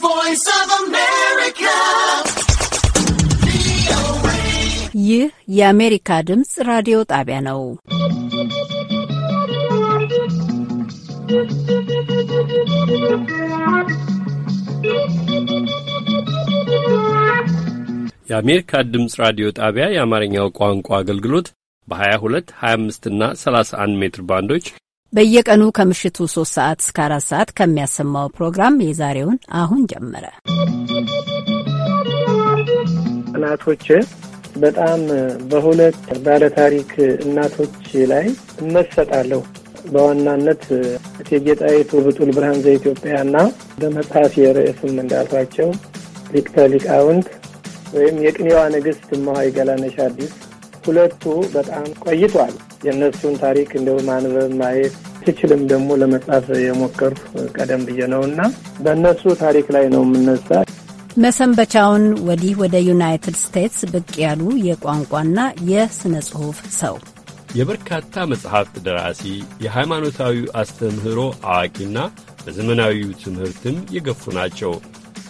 voice ይህ የአሜሪካ ድምፅ ራዲዮ ጣቢያ ነው። የአሜሪካ ድምፅ ራዲዮ ጣቢያ የአማርኛው ቋንቋ አገልግሎት በ22፣ 25 እና 31 ሜትር ባንዶች በየቀኑ ከምሽቱ ሶስት ሰዓት እስከ 4 ሰዓት ከሚያሰማው ፕሮግራም የዛሬውን አሁን ጀመረ። እናቶች በጣም በሁለት ባለታሪክ እናቶች ላይ እመሰጣለሁ። በዋናነት እቴጌ ጣይቱ ብጡል ብርሃን ዘኢትዮጵያና በመጽሐፍ የርዕስም እንዳልኳቸው ሊቅተ ሊቃውንት ወይም የቅኔዋ ንግሥት እማሆይ ገላነሽ አዲስ ሁለቱ በጣም ቆይቷል። የእነሱን ታሪክ እንደው ማንበብ ማየት ትችልም ደግሞ ለመጻፍ የሞከሩ ቀደም ብዬ ነው እና በእነሱ ታሪክ ላይ ነው የምነሳ። መሰንበቻውን ወዲህ ወደ ዩናይትድ ስቴትስ ብቅ ያሉ የቋንቋና የሥነ ጽሑፍ ሰው የበርካታ መጽሐፍት ደራሲ የሃይማኖታዊ አስተምህሮ አዋቂና በዘመናዊው ትምህርትም የገፉ ናቸው።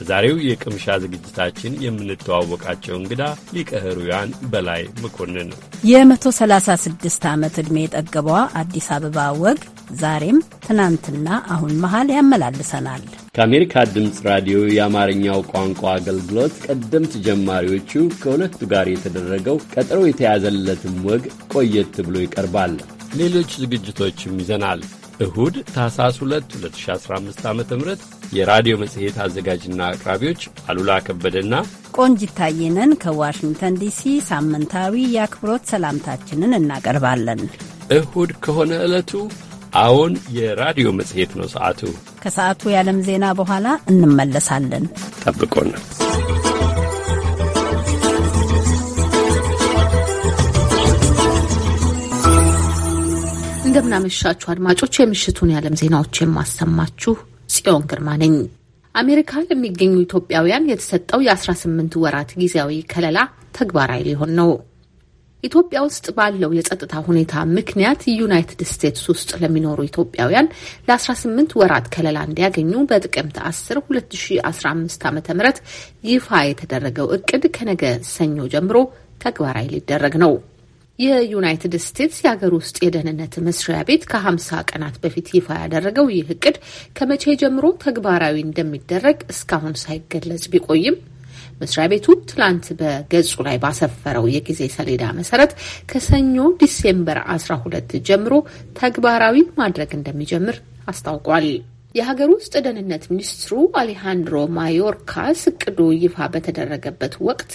በዛሬው የቅምሻ ዝግጅታችን የምንተዋወቃቸው እንግዳ ሊቀ ሕሩያን በላይ መኮንን ነው። የ136 ዓመት ዕድሜ የጠገቧ አዲስ አበባ ወግ ዛሬም ትናንትና አሁን መሃል ያመላልሰናል። ከአሜሪካ ድምፅ ራዲዮ የአማርኛው ቋንቋ አገልግሎት ቀደምት ጀማሪዎቹ ከሁለቱ ጋር የተደረገው ቀጠሮ የተያዘለትም ወግ ቆየት ብሎ ይቀርባል። ሌሎች ዝግጅቶችም ይዘናል። እሁድ ታህሳስ 2 2015 ዓ ም የራዲዮ መጽሔት አዘጋጅና አቅራቢዎች አሉላ ከበደና ቆንጂት ታየነን ከዋሽንግተን ዲሲ ሳምንታዊ የአክብሮት ሰላምታችንን እናቀርባለን። እሁድ ከሆነ ዕለቱ አዎን፣ የራዲዮ መጽሔት ነው ሰዓቱ። ከሰዓቱ የዓለም ዜና በኋላ እንመለሳለን። ጠብቆናል። እንደምናመሻችሁ አድማጮች፣ የምሽቱን የዓለም ዜናዎች የማሰማችሁ ጽዮን ግርማ ነኝ። አሜሪካ ለሚገኙ ኢትዮጵያውያን የተሰጠው የ18 ወራት ጊዜያዊ ከለላ ተግባራዊ ሊሆን ነው። ኢትዮጵያ ውስጥ ባለው የጸጥታ ሁኔታ ምክንያት ዩናይትድ ስቴትስ ውስጥ ለሚኖሩ ኢትዮጵያውያን ለ18 ወራት ከለላ እንዲያገኙ በጥቅምት 10 2015 ዓ ም ይፋ የተደረገው እቅድ ከነገ ሰኞ ጀምሮ ተግባራዊ ሊደረግ ነው። የዩናይትድ ስቴትስ የሀገር ውስጥ የደህንነት መስሪያ ቤት ከሀምሳ ቀናት በፊት ይፋ ያደረገው ይህ እቅድ ከመቼ ጀምሮ ተግባራዊ እንደሚደረግ እስካሁን ሳይገለጽ ቢቆይም መስሪያ ቤቱ ትላንት በገጹ ላይ ባሰፈረው የጊዜ ሰሌዳ መሰረት ከሰኞ ዲሴምበር 12 ጀምሮ ተግባራዊ ማድረግ እንደሚጀምር አስታውቋል። የሀገር ውስጥ ደህንነት ሚኒስትሩ አሌሃንድሮ ማዮርካስ እቅዱ ይፋ በተደረገበት ወቅት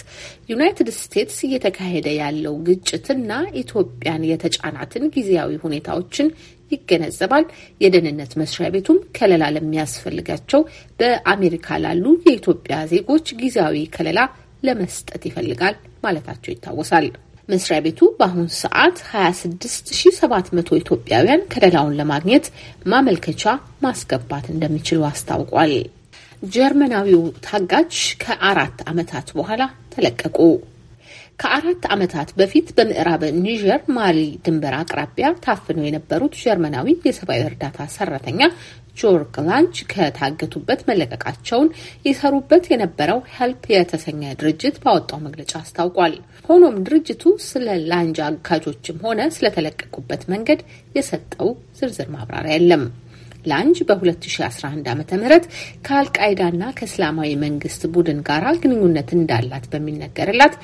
ዩናይትድ ስቴትስ እየተካሄደ ያለው ግጭትና ኢትዮጵያን የተጫናትን ጊዜያዊ ሁኔታዎችን ይገነዘባል። የደህንነት መስሪያ ቤቱም ከለላ ለሚያስፈልጋቸው በአሜሪካ ላሉ የኢትዮጵያ ዜጎች ጊዜያዊ ከለላ ለመስጠት ይፈልጋል ማለታቸው ይታወሳል። መስሪያ ቤቱ በአሁኑ ሰዓት 26700 ኢትዮጵያውያን ከለላውን ለማግኘት ማመልከቻ ማስገባት እንደሚችሉ አስታውቋል። ጀርመናዊው ታጋች ከአራት ዓመታት በኋላ ተለቀቁ። ከአራት ዓመታት በፊት በምዕራብ ኒጀር ማሊ ድንበር አቅራቢያ ታፍነው የነበሩት ጀርመናዊ የሰብአዊ እርዳታ ሰራተኛ ጆርግ ላንች ከታገቱበት መለቀቃቸውን ይሰሩበት የነበረው ሄልፕ የተሰኘ ድርጅት ባወጣው መግለጫ አስታውቋል። ሆኖም ድርጅቱ ስለ ላንጅ አጋጆችም ሆነ ስለተለቀቁበት መንገድ የሰጠው ዝርዝር ማብራሪያ የለም። ላንጅ በ2011 ዓ ም ከአልቃይዳና ከእስላማዊ መንግስት ቡድን ጋር ግንኙነት እንዳላት በሚነገርላት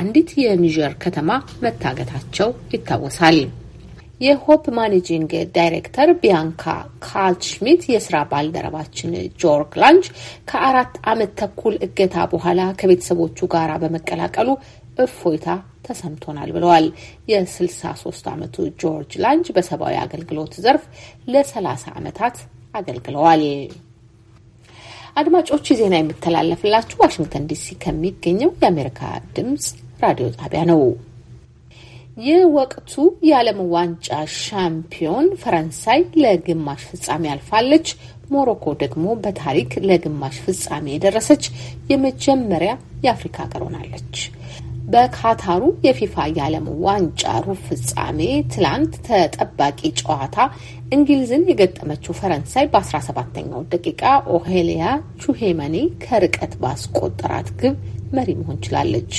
አንዲት የኒጀር ከተማ መታገታቸው ይታወሳል። የሆፕ ማኔጂንግ ዳይሬክተር ቢያንካ ካልትሽሚት የስራ ባልደረባችን ጆርግ ላንች ከአራት ዓመት ተኩል እገታ በኋላ ከቤተሰቦቹ ጋር በመቀላቀሉ እፎይታ ተሰምቶናል ብለዋል። የ63 ዓመቱ ጆርጅ ላንጅ በሰብአዊ አገልግሎት ዘርፍ ለ30 ዓመታት አገልግለዋል። አድማጮች ዜና የሚተላለፍላችሁ ዋሽንግተን ዲሲ ከሚገኘው የአሜሪካ ድምጽ ራዲዮ ጣቢያ ነው። የወቅቱ የዓለም ዋንጫ ሻምፒዮን ፈረንሳይ ለግማሽ ፍጻሜ አልፋለች። ሞሮኮ ደግሞ በታሪክ ለግማሽ ፍጻሜ የደረሰች የመጀመሪያ የአፍሪካ ሀገር ሆናለች። በካታሩ የፊፋ የዓለም ዋንጫ ሩብ ፍጻሜ ትላንት ተጠባቂ ጨዋታ እንግሊዝን የገጠመችው ፈረንሳይ በ17ኛው ደቂቃ ኦሄሊያ ቹሄመኒ ከርቀት ባስቆጠራት ግብ መሪ መሆን ችላለች።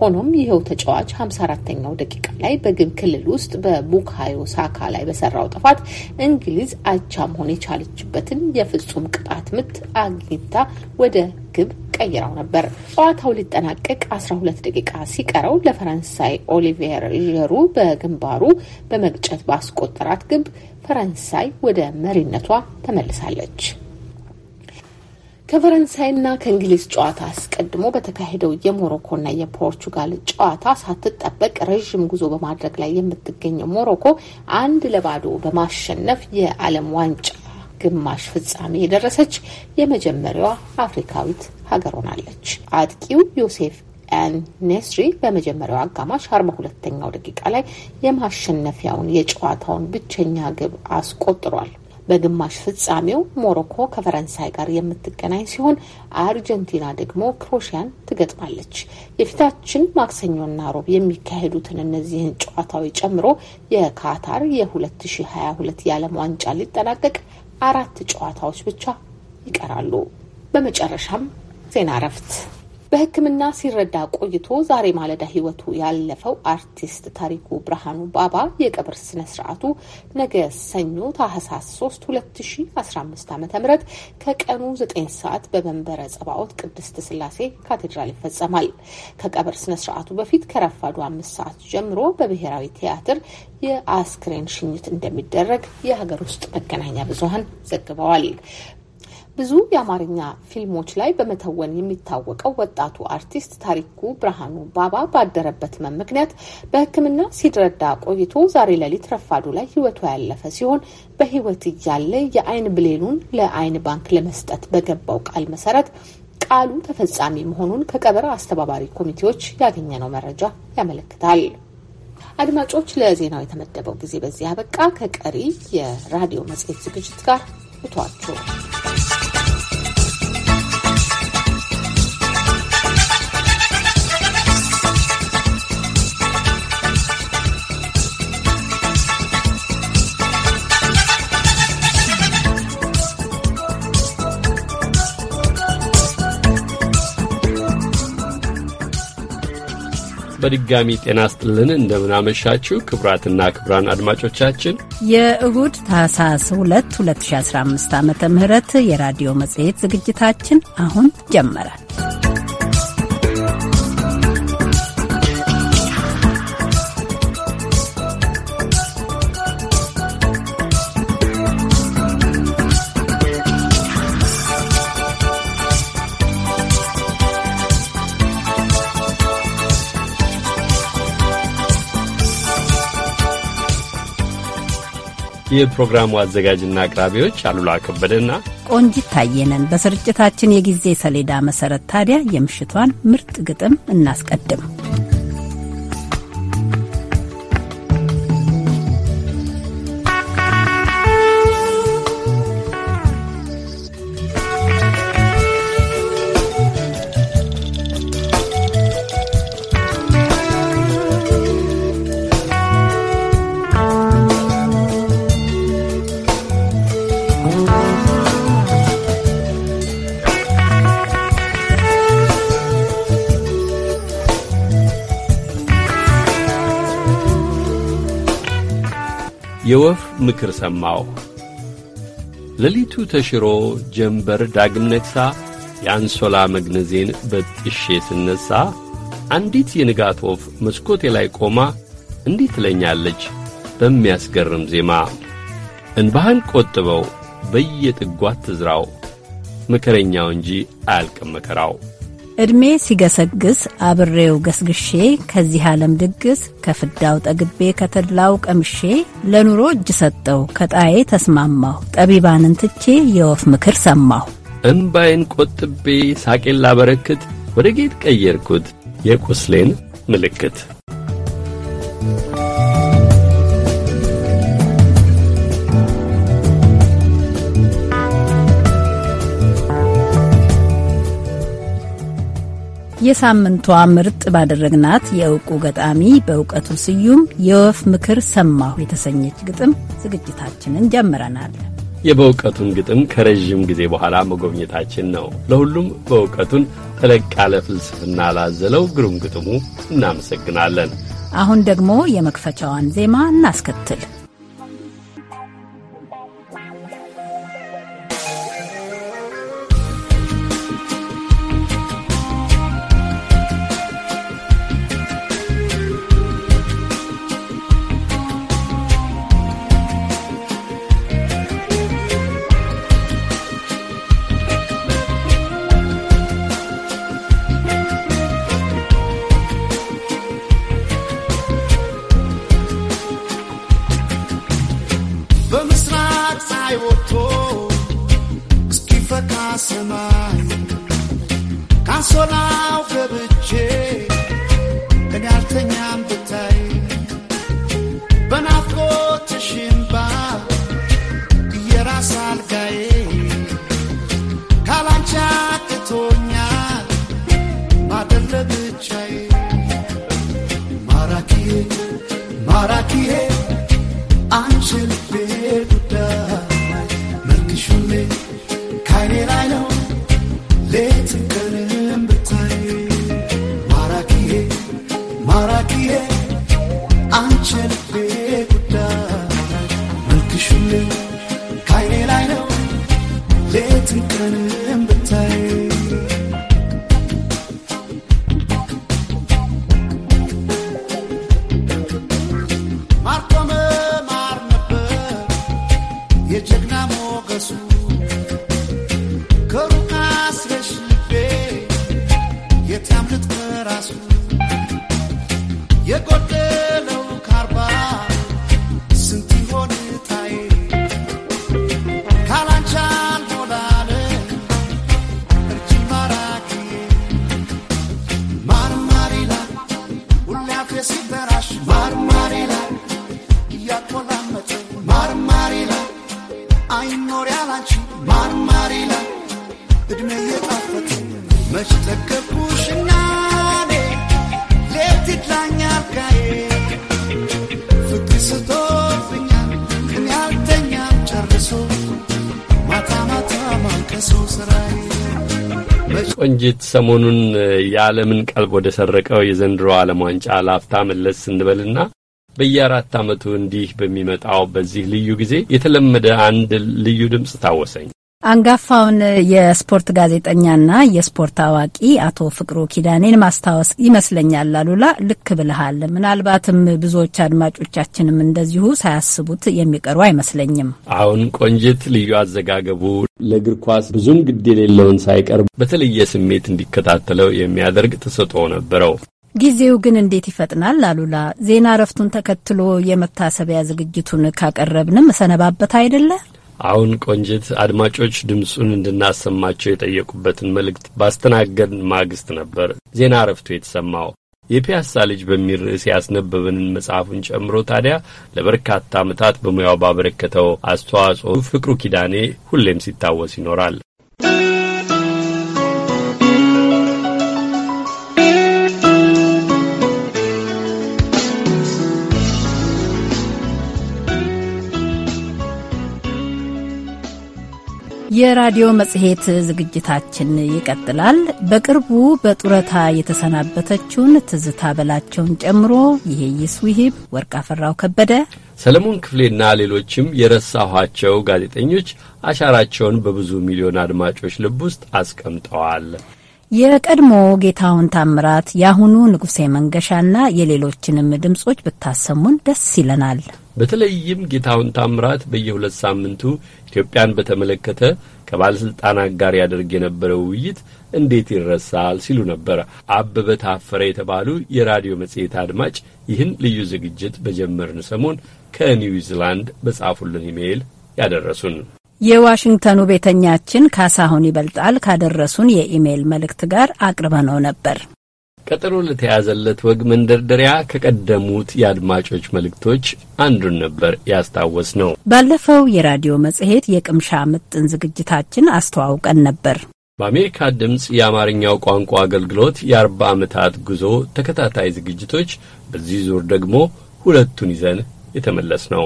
ሆኖም ይኸው ተጫዋች 54ተኛው ደቂቃ ላይ በግብ ክልል ውስጥ በቡካዮ ሳካ ላይ በሰራው ጥፋት እንግሊዝ አቻ መሆን የቻለችበትን የፍጹም ቅጣት ምት አግኝታ ወደ ግብ ቀይራው ነበር። ጨዋታው ሊጠናቀቅ 12 ደቂቃ ሲቀረው ለፈረንሳይ ኦሊቬር ዥሩ በግንባሩ በመግጨት ባስቆጠራት ግብ ፈረንሳይ ወደ መሪነቷ ተመልሳለች። ከፈረንሳይና ከእንግሊዝ ጨዋታ አስቀድሞ በተካሄደው የሞሮኮና የፖርቹጋል ጨዋታ ሳትጠበቅ ረዥም ጉዞ በማድረግ ላይ የምትገኘው ሞሮኮ አንድ ለባዶ በማሸነፍ የዓለም ዋንጫ ግማሽ ፍጻሜ የደረሰች የመጀመሪያዋ አፍሪካዊት ሀገር ሆናለች። አጥቂው ዮሴፍ ኤን ኔስሪ በመጀመሪያው አጋማሽ አርባ ሁለተኛው ደቂቃ ላይ የማሸነፊያውን የጨዋታውን ብቸኛ ግብ አስቆጥሯል። በግማሽ ፍጻሜው ሞሮኮ ከፈረንሳይ ጋር የምትገናኝ ሲሆን አርጀንቲና ደግሞ ክሮሺያን ትገጥማለች። የፊታችን ማክሰኞና ሮብ የሚካሄዱትን እነዚህን ጨዋታዎች ጨምሮ የካታር የ2022 የዓለም ዋንጫ ሊጠናቀቅ አራት ጨዋታዎች ብቻ ይቀራሉ። በመጨረሻም ዜና እረፍት በሕክምና ሲረዳ ቆይቶ ዛሬ ማለዳ ህይወቱ ያለፈው አርቲስት ታሪኩ ብርሃኑ ባባ የቀብር ስነ ስርዓቱ ነገ ሰኞ ታህሳስ 3 2015 ዓ ም ከቀኑ 9 ሰዓት በመንበረ ጸባኦት ቅድስት ስላሴ ካቴድራል ይፈጸማል። ከቀብር ስነ ስርዓቱ በፊት ከረፋዱ አምስት ሰዓት ጀምሮ በብሔራዊ ቲያትር የአስክሬን ሽኝት እንደሚደረግ የሀገር ውስጥ መገናኛ ብዙሀን ዘግበዋል። ብዙ የአማርኛ ፊልሞች ላይ በመተወን የሚታወቀው ወጣቱ አርቲስት ታሪኩ ብርሃኑ ባባ ባደረበት ህመም ምክንያት በሕክምና ሲረዳ ቆይቶ ዛሬ ሌሊት ረፋዱ ላይ ህይወቱ ያለፈ ሲሆን በህይወት እያለ የአይን ብሌኑን ለአይን ባንክ ለመስጠት በገባው ቃል መሰረት ቃሉ ተፈጻሚ መሆኑን ከቀበረ አስተባባሪ ኮሚቴዎች ያገኘነው መረጃ ያመለክታል። አድማጮች፣ ለዜናው የተመደበው ጊዜ በዚህ አበቃ። ከቀሪ የራዲዮ መጽሔት ዝግጅት ጋር እቷችሁ በድጋሚ ጤና ስጥልን። እንደምናመሻችሁ ክቡራትና ክቡራን አድማጮቻችን የእሁድ ታህሳስ 2 2015 ዓ ም የራዲዮ መጽሔት ዝግጅታችን አሁን ጀመረ። የፕሮግራሙ አዘጋጅና አቅራቢዎች አሉላ ከበደና ቆንጂት ታየነን። በስርጭታችን የጊዜ ሰሌዳ መሰረት ታዲያ የምሽቷን ምርጥ ግጥም እናስቀድም። የወፍ ምክር ሰማሁ። ሌሊቱ ተሽሮ ጀንበር ዳግም ነግሣ የአንሶላ መግነዜን በጥሼ ስነሣ አንዲት የንጋት ወፍ መስኮቴ ላይ ቆማ እንዲህ ትለኛለች በሚያስገርም ዜማ እንባህን ቆጥበው በየጥጓት ትዝራው መከረኛው እንጂ አያልቅም መከራው እድሜ ሲገሰግስ አብሬው ገስግሼ ከዚህ ዓለም ድግስ ከፍዳው ጠግቤ ከተድላው ቀምሼ ለኑሮ እጅ ሰጠው ከጣዬ ተስማማሁ ጠቢባንን ትቼ የወፍ ምክር ሰማሁ እንባይን ቆጥቤ ሳቄን ላበረክት ወደ ጌጥ ቀየርኩት የቁስሌን ምልክት የሳምንቷ ምርጥ ባደረግናት የእውቁ ገጣሚ በእውቀቱ ስዩም የወፍ ምክር ሰማሁ የተሰኘች ግጥም ዝግጅታችንን ጀምረናል። የበእውቀቱን ግጥም ከረዥም ጊዜ በኋላ መጎብኘታችን ነው። ለሁሉም በእውቀቱን ጠለቅ ያለ ፍልስፍና ላዘለው ግሩም ግጥሙ እናመሰግናለን። አሁን ደግሞ የመክፈቻዋን ዜማ እናስከትል። Bishule. ሰሞኑን የዓለምን ቀልብ ወደ ሰረቀው የዘንድሮ ዓለም ዋንጫ ላፍታ መለስ ስንበልና በየአራት ዓመቱ እንዲህ በሚመጣው በዚህ ልዩ ጊዜ የተለመደ አንድ ልዩ ድምፅ ታወሰኝ። አንጋፋውን የስፖርት ጋዜጠኛና የስፖርት አዋቂ አቶ ፍቅሩ ኪዳኔን ማስታወስ ይመስለኛል። አሉላ ልክ ብልሃል። ምናልባትም ብዙዎች አድማጮቻችንም እንደዚሁ ሳያስቡት የሚቀሩ አይመስለኝም። አሁን ቆንጅት ልዩ አዘጋገቡ ለእግር ኳስ ብዙም ግድ የሌለውን ሳይቀርብ በተለየ ስሜት እንዲከታተለው የሚያደርግ ተሰጥኦ ነበረው። ጊዜው ግን እንዴት ይፈጥናል። አሉላ ዜና እረፍቱን ተከትሎ የመታሰቢያ ዝግጅቱን ካቀረብንም ሰነባበት አይደለ? አሁን ቆንጅት አድማጮች ድምፁን እንድናሰማቸው የጠየቁበትን መልእክት ባስተናገድ ማግስት ነበር ዜና እረፍቱ የተሰማው። የፒያሳ ልጅ በሚል ርዕስ ያስነበበንን መጽሐፉን ጨምሮ ታዲያ ለበርካታ ዓመታት በሙያው ባበረከተው አስተዋጽኦ ፍቅሩ ኪዳኔ ሁሌም ሲታወስ ይኖራል። የራዲዮ መጽሔት ዝግጅታችን ይቀጥላል። በቅርቡ በጡረታ የተሰናበተችውን ትዝታ በላቸውን ጨምሮ ይሄ ውሂብ፣ ወርቅ አፈራው ከበደ፣ ሰለሞን ክፍሌና ሌሎችም የረሳኋቸው ጋዜጠኞች አሻራቸውን በብዙ ሚሊዮን አድማጮች ልብ ውስጥ አስቀምጠዋል። የቀድሞ ጌታውን ታምራት፣ የአሁኑ ንጉሴ መንገሻና የሌሎችንም ድምጾች ብታሰሙን ደስ ይለናል። በተለይም ጌታውን ታምራት በየሁለት ሳምንቱ ኢትዮጵያን በተመለከተ ከባለስልጣናት ጋር ያደርግ የነበረው ውይይት እንዴት ይረሳል ሲሉ ነበር አበበ ታፈረ የተባሉ የራዲዮ መጽሔት አድማጭ ይህን ልዩ ዝግጅት በጀመርን ሰሞን ከኒውዚላንድ በጻፉልን ኢሜይል ያደረሱን። የዋሽንግተኑ ቤተኛችን ካሳሁን ይበልጣል ካደረሱን የኢሜይል መልእክት ጋር አቅርበነው ነበር። ቀጠሮ ለተያዘለት ወግ መንደርደሪያ ከቀደሙት የአድማጮች መልእክቶች አንዱን ነበር ያስታወስ ነው። ባለፈው የራዲዮ መጽሔት የቅምሻ ምጥን ዝግጅታችን አስተዋውቀን ነበር። በአሜሪካ ድምፅ የአማርኛው ቋንቋ አገልግሎት የአርባ ዓመታት ጉዞ ተከታታይ ዝግጅቶች፣ በዚህ ዙር ደግሞ ሁለቱን ይዘን የተመለስ ነው።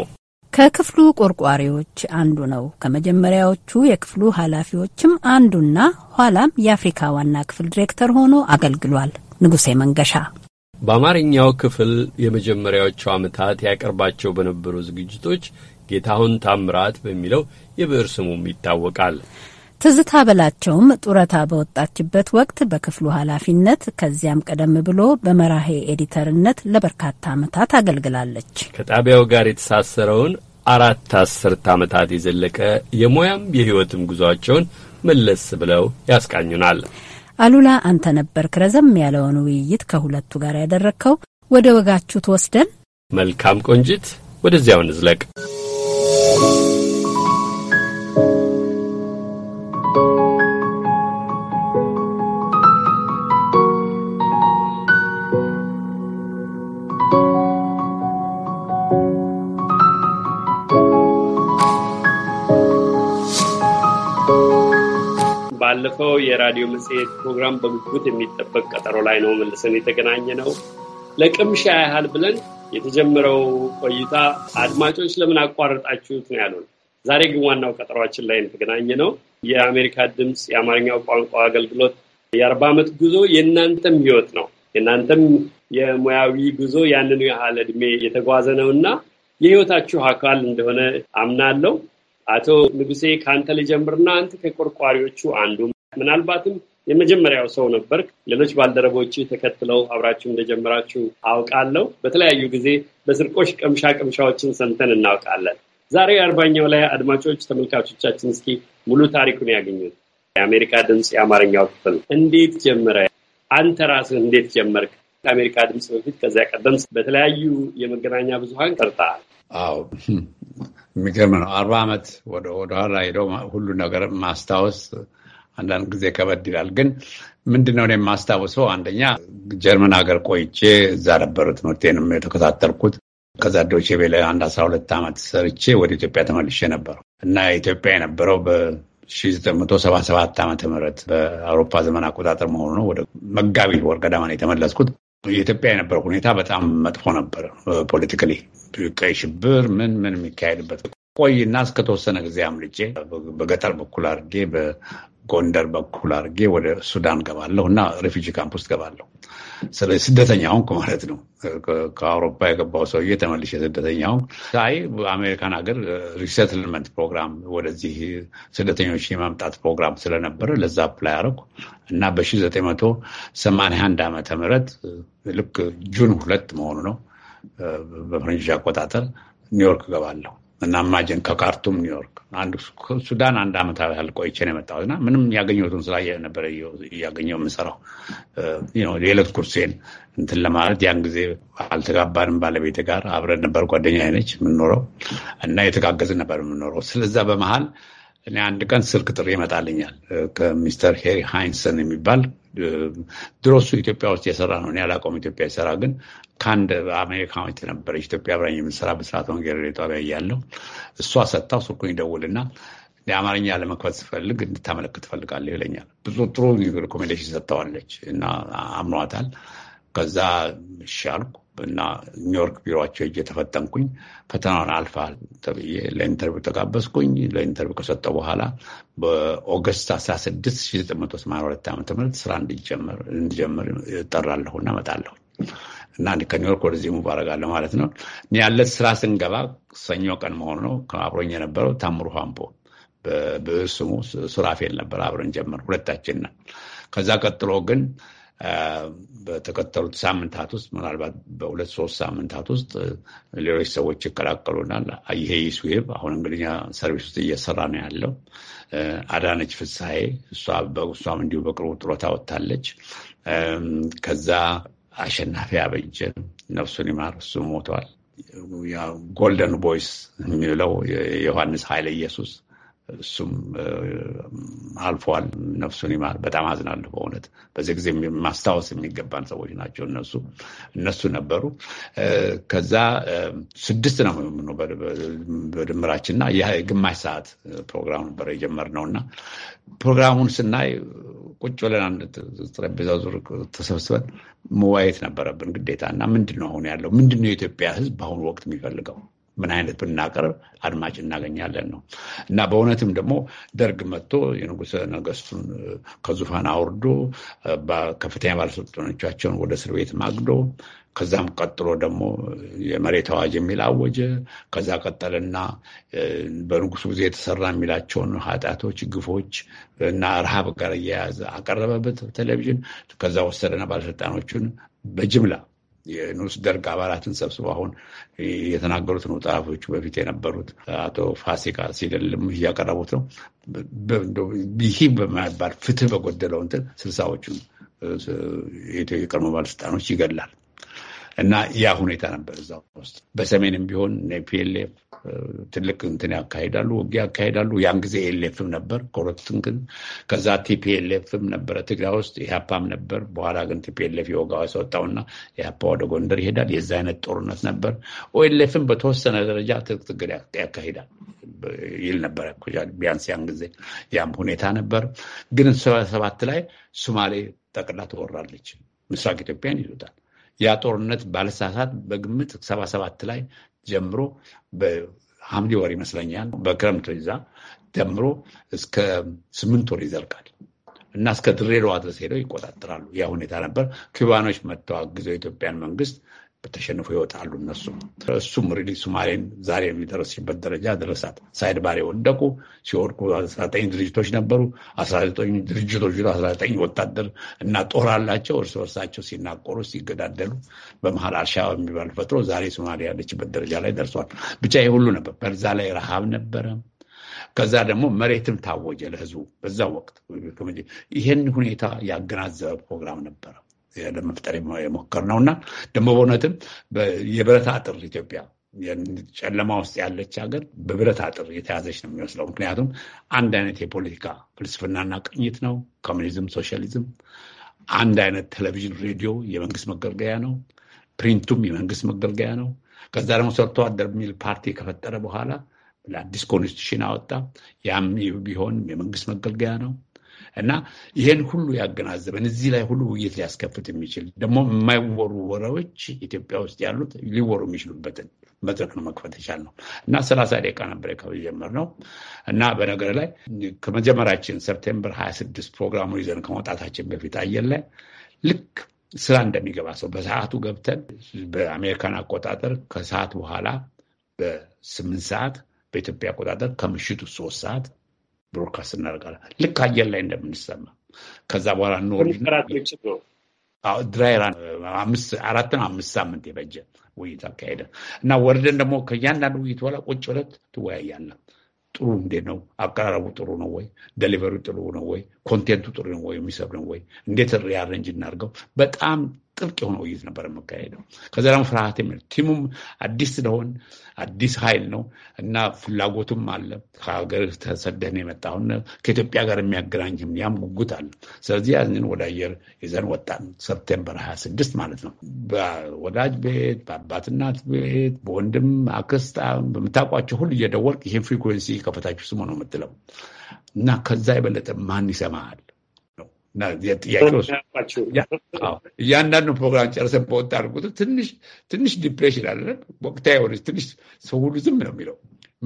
ከክፍሉ ቆርቋሪዎች አንዱ ነው። ከመጀመሪያዎቹ የክፍሉ ኃላፊዎችም አንዱና ኋላም የአፍሪካ ዋና ክፍል ዲሬክተር ሆኖ አገልግሏል። ንጉሴ መንገሻ በአማርኛው ክፍል የመጀመሪያዎቹ ዓመታት ያቀርባቸው በነበሩ ዝግጅቶች ጌታሁን ታምራት በሚለው የብዕር ስሙም ይታወቃል። ትዝታ በላቸውም ጡረታ በወጣችበት ወቅት በክፍሉ ኃላፊነት ከዚያም ቀደም ብሎ በመራሄ ኤዲተርነት ለበርካታ ዓመታት አገልግላለች። ከጣቢያው ጋር የተሳሰረውን አራት አስርት ዓመታት የዘለቀ የሙያም የሕይወትም ጉዟቸውን መለስ ብለው ያስቃኙናል። አሉላ አንተ ነበርክ ረዘም ያለውን ውይይት ከሁለቱ ጋር ያደረግከው። ወደ ወጋችሁ ትወስደን። መልካም ቆንጂት፣ ወደዚያው ዝለቅ! ባለፈው የራዲዮ መጽሔት ፕሮግራም በጉጉት የሚጠበቅ ቀጠሮ ላይ ነው መልሰን የተገናኘ ነው። ለቅምሻ ያህል ብለን የተጀመረው ቆይታ አድማጮች ለምን አቋረጣችሁት ነው ያሉን። ዛሬ ግን ዋናው ቀጠሯችን ላይ የተገናኘ ነው። የአሜሪካ ድምፅ የአማርኛው ቋንቋ አገልግሎት የአርባ ዓመት ጉዞ የእናንተም ህይወት ነው የእናንተም የሙያዊ ጉዞ ያንኑ ያህል እድሜ የተጓዘ ነው እና የህይወታችሁ አካል እንደሆነ አምናለሁ። አቶ ንጉሴ ከአንተ ልጀምርና አንተ ከቆርቋሪዎቹ አንዱ ምናልባትም የመጀመሪያው ሰው ነበር። ሌሎች ባልደረቦች ተከትለው አብራችሁ እንደጀመራችሁ አውቃለሁ። በተለያዩ ጊዜ በስርቆሽ ቅምሻ ቅምሻዎችን ሰምተን እናውቃለን። ዛሬ አርባኛው ላይ አድማጮች፣ ተመልካቾቻችን እስኪ ሙሉ ታሪኩን ያገኙት። የአሜሪካ ድምፅ የአማርኛው ክፍል እንዴት ጀመረ? አንተ ራስህ እንዴት ጀመርክ? ከአሜሪካ ድምፅ በፊት ከዚያ ቀደም በተለያዩ የመገናኛ ብዙሀን ቀርጠሃል። አዎ የሚገርም ነው። አርባ ዓመት ወደኋላ ሄደው ሁሉ ነገር ማስታወስ አንዳንድ ጊዜ ከበድ ይላል። ግን ምንድነው ነው የማስታውሰው፣ አንደኛ ጀርመን ሀገር ቆይቼ እዛ ነበሩ ትምህርቴንም የተከታተልኩት። ከዛ ዶቼ ቬለ አንድ አስራ ሁለት ዓመት ሰርቼ ወደ ኢትዮጵያ ተመልሼ ነበረው እና ኢትዮጵያ የነበረው በ1977 ዓመተ ምህረት በአውሮፓ ዘመን አቆጣጠር መሆኑ ነው። ወደ መጋቢት ወር ገደማ ነው የተመለስኩት። የኢትዮጵያ የነበረው ሁኔታ በጣም መጥፎ ነበር። ፖለቲካሊ ቀይ ሽብር ምን ምን የሚካሄድበት ቆይና እስከተወሰነ ጊዜ አምልጬ በገጠር በኩል አድርጌ ጎንደር በኩል አድርጌ ወደ ሱዳን ገባለሁ እና ሬፊጂ ካምፕ ውስጥ ገባለሁ። ስለዚህ ስደተኛ ሆንኩ ማለት ነው። ከአውሮፓ የገባው ሰውዬ ተመልሼ ስደተኛ ሆንኩ። አሜሪካን ሀገር ሪሴትልመንት ፕሮግራም ወደዚህ ስደተኞች የማምጣት ፕሮግራም ስለነበረ ለዛ አፕላይ አደረኩ እና በ1981 ዓመተ ምህረት ልክ ጁን ሁለት መሆኑ ነው በፈረንጅ አቆጣጠር ኒውዮርክ ገባለሁ። እና ማጀን ከካርቱም ኒውዮርክ አንዱ ሱዳን አንድ አመት ያህል ቆይቼ ነው የመጣሁት እና ምንም ያገኘሁትን ስራ ነበረ እያገኘው የምንሰራው የዕለት ኩርሴን እንትን ለማለት ያን ጊዜ አልተጋባንም። ባለቤት ጋር አብረን ነበር። ጓደኛ አይነች የምንኖረው እና የተጋገዝን ነበር የምንኖረው። ስለዛ በመሀል እኔ አንድ ቀን ስልክ ጥሪ ይመጣልኛል ከሚስተር ሄሪ ሃይንሰን የሚባል ድሮሱ ኢትዮጵያ ውስጥ የሰራ ነው። እኔ አላውቀውም። ኢትዮጵያ የሰራ ግን ከአንድ አሜሪካዊት ነበረች ኢትዮጵያ አብራኝ የምሰራ በስርዓት ወንጌል ሬዲዮ ጣቢያ እያለሁ እሷ ሰጥታው ስልኩን ይደውልና የአማርኛ ለመክፈት ስፈልግ እንድታመለክት ትፈልጋለሁ ይለኛል። ብዙ ጥሩ ሪኮሜንዴሽን ሰጥተዋለች እና አምኗታል። ከዛ እሺ አልኩ። እና ኒውዮርክ ቢሮቸው እጅ የተፈተንኩኝ ፈተናውን አልፋል ተብዬ ለኢንተርቪው ተጋበዝኩኝ። ለኢንተርቪው ከሰጠው በኋላ በኦገስት 16 1982 ዓ ም ስራ እንድጀምር እና እመጣለሁ እና ከኒውዮርክ ወደዚህ ሙቭ አደርጋለሁ ማለት ነው። ያለ ስራ ስንገባ ሰኞ ቀን መሆኑ ነው። አብሮኝ የነበረው ታምሩ ሃምፖ በስሙ ሱራፌል ነበር። አብረን ጀመር ሁለታችን ነን። ከዛ ቀጥሎ ግን በተከተሉት ሳምንታት ውስጥ ምናልባት በሁለት ሶስት ሳምንታት ውስጥ ሌሎች ሰዎች ይቀላቀሉናል። ይሄ ስዌብ አሁን እንግሊኛ ሰርቪስ ውስጥ እየሰራ ነው ያለው። አዳነች ፍሳሄ እሷም እንዲሁ በቅርቡ ጡረታ ወጥታለች። ከዛ አሸናፊ አበጀ ነፍሱን ይማር፣ እሱ ሞተዋል። ጎልደን ቦይስ የሚለው ዮሐንስ ኃይለ ኢየሱስ እሱም አልፏል። ነፍሱን ይማር። በጣም አዝናለሁ በእውነት በዚህ ጊዜ ማስታወስ የሚገባን ሰዎች ናቸው እነሱ እነሱ ነበሩ። ከዛ ስድስት ነው የምንሆነው በድምራችን እና የግማሽ ሰዓት ፕሮግራም ነበር የጀመርነው እና ፕሮግራሙን ስናይ ቁጭ ብለን አንድ ጠረጴዛ ዙር ተሰብስበን መዋየት ነበረብን ግዴታ እና ምንድን ነው አሁን ያለው ምንድን ነው የኢትዮጵያ ሕዝብ በአሁኑ ወቅት የሚፈልገው ምን አይነት ብናቀርብ አድማጭ እናገኛለን ነው እና በእውነትም ደግሞ ደርግ መጥቶ የንጉሰ ነገስቱን ከዙፋን አውርዶ ከፍተኛ ባለስልጣኖቻቸውን ወደ እስር ቤት ማግዶ ከዛም ቀጥሎ ደግሞ የመሬት አዋጅ የሚል አወጀ። ከዛ ቀጠልና በንጉሱ ጊዜ የተሰራ የሚላቸውን ኃጢአቶች፣ ግፎች እና ረሃብ ጋር እየያዘ አቀረበበት ቴሌቪዥን። ከዛ ወሰደና ባለስልጣኖቹን በጅምላ የንዑስ ደርግ አባላትን ሰብስበ አሁን የተናገሩት ነው። ጸሐፊዎቹ በፊት የነበሩት አቶ ፋሲካ ሲደልም እያቀረቡት ነው። ይህ በማይባል ፍትህ በጎደለው እንትን ስልሳዎቹን የቀድሞ ባለስልጣኖች ይገላል እና ያ ሁኔታ ነበር እዛ ውስጥ በሰሜንም ቢሆን ፒኤልኤፍ ትልቅ እንትን ያካሄዳሉ፣ ውጊያ ያካሄዳሉ። ያን ጊዜ ኤልኤፍም ነበር ኮረትን ግን ከዛ ቲፒኤልኤፍም ነበረ ትግራይ ውስጥ ኢህአፓም ነበር። በኋላ ግን ቲፒኤልኤፍ የወጋ ሰወጣውና ኢህአፓ ወደ ጎንደር ይሄዳል። የዚ አይነት ጦርነት ነበር። ኦኤልኤፍም በተወሰነ ደረጃ ትጥቅ ትግል ያካሂዳል ይል ነበረ ቢያንስ ያን ጊዜ ያም ሁኔታ ነበር። ግን ሰባት ላይ ሱማሌ ጠቅላ ትወራለች። ምስራቅ ኢትዮጵያን ይዞታል። ያ ጦርነት ባለሳሳት በግምት ሰባ ሰባት ላይ ጀምሮ በሐምሌ ወር ይመስለኛል በክረምት ይዛ ጀምሮ እስከ ስምንት ወር ይዘልቃል እና እስከ ድሬዳዋ ድረስ ሄደው ይቆጣጠራሉ። ያ ሁኔታ ነበር። ኩባኖች መጥተው አግዘው የኢትዮጵያን መንግስት ተሸንፎ ይወጣሉ። እነሱ እሱም ሪሊ ሱማሌን ዛሬ የሚደረስበት ደረጃ ደረሳት። ሳይድ ባሬ ወደቁ። ሲወድቁ አስራ ዘጠኝ ድርጅቶች ነበሩ። አስራ ዘጠኝ ድርጅቶች አስራ ዘጠኝ ወታደር እና ጦር አላቸው። እርስ በርሳቸው ሲናቆሩ፣ ሲገዳደሉ በመሀል አልሻባብ የሚባል ፈጥሮ ዛሬ ሶማሌ ያለችበት ደረጃ ላይ ደርሷል። ብቻ ይህ ሁሉ ነበር። በዛ ላይ ረሃብ ነበረ። ከዛ ደግሞ መሬትም ታወጀ ለህዝቡ በዛ ወቅት። ይህን ሁኔታ ያገናዘበ ፕሮግራም ነበረ። ለመፍጠር የሞከር ነው እና ደግሞ በእውነትም የብረት አጥር ኢትዮጵያ ጨለማ ውስጥ ያለች ሀገር በብረት አጥር የተያዘች ነው የሚመስለው። ምክንያቱም አንድ አይነት የፖለቲካ ፍልስፍናና ቅኝት ነው ኮሚኒዝም፣ ሶሻሊዝም። አንድ አይነት ቴሌቪዥን፣ ሬዲዮ የመንግስት መገልገያ ነው። ፕሪንቱም የመንግስት መገልገያ ነው። ከዛ ደግሞ ሰርቶ አደር የሚል ፓርቲ ከፈጠረ በኋላ ለአዲስ ኮንስቲቱሽን አወጣ። ያም ቢሆን የመንግስት መገልገያ ነው። እና ይሄን ሁሉ ያገናዘበን እዚህ ላይ ሁሉ ውይይት ሊያስከፍት የሚችል ደግሞ የማይወሩ ወሬዎች ኢትዮጵያ ውስጥ ያሉት ሊወሩ የሚችሉበትን መድረክ ነው መክፈት ነው እና ሰላሳ ደቂቃ ነበር ነው እና በነገር ላይ ከመጀመራችን ሀያ 26 ፕሮግራሙ ይዘን ከመውጣታችን በፊት አየር ላይ ልክ ስራ እንደሚገባ ሰው በሰዓቱ ገብተን በአሜሪካን አቆጣጠር ከሰዓት በኋላ በስምንት ሰዓት በኢትዮጵያ አቆጣጠር ከምሽቱ ሶስት ሰዓት ብሮድካስት እናደርጋለን ልክ አየር ላይ እንደምንሰማ። ከዛ በኋላ ድራይራ አራትና አምስት ሳምንት የፈጀ ውይይት አካሄደ እና ወርደን ደግሞ ከእያንዳንዱ ውይይት በኋላ ቁጭ ብለት ትወያያለን። ጥሩ እንዴት ነው አቀራረቡ? ጥሩ ነው ወይ? ደሊቨሪ ጥሩ ነው ወይ? ኮንቴንቱ ጥሩ ነው ወይ? የሚሰሩ ነው ወይ? እንዴት ሪአረንጅ እናድርገው? በጣም ጥብቅ የሆነ ውይይት ነበር የምካሄደው። ከዛ ደግሞ ፍርሃት የሚ ቲሙም አዲስ ስለሆን አዲስ ኃይል ነው እና ፍላጎቱም አለ። ከሀገር ተሰደህን የመጣሁን ከኢትዮጵያ ጋር የሚያገናኝ ያም ጉጉት አለ። ስለዚህ ያንን ወደ አየር ይዘን ወጣን። ሰፕቴምበር 26 ማለት ነው። በወዳጅ ቤት፣ በአባትናት ቤት፣ በወንድም አክስት፣ በምታውቋቸው ሁሉ እየደወልክ ይህን ፍሪኩዌንሲ ከፈታችሁ ስሙ ነው የምትለው እና ከዛ የበለጠ ማን ይሰማል? ጥያቄ እያንዳንዱ ፕሮግራም ጨርሰን በወጣ አድርጉት። ትንሽ ትንሽ ዲፕሬሽን አለ ወቅታ የሆነች ትንሽ ሰው ሁሉ ዝም ነው የሚለው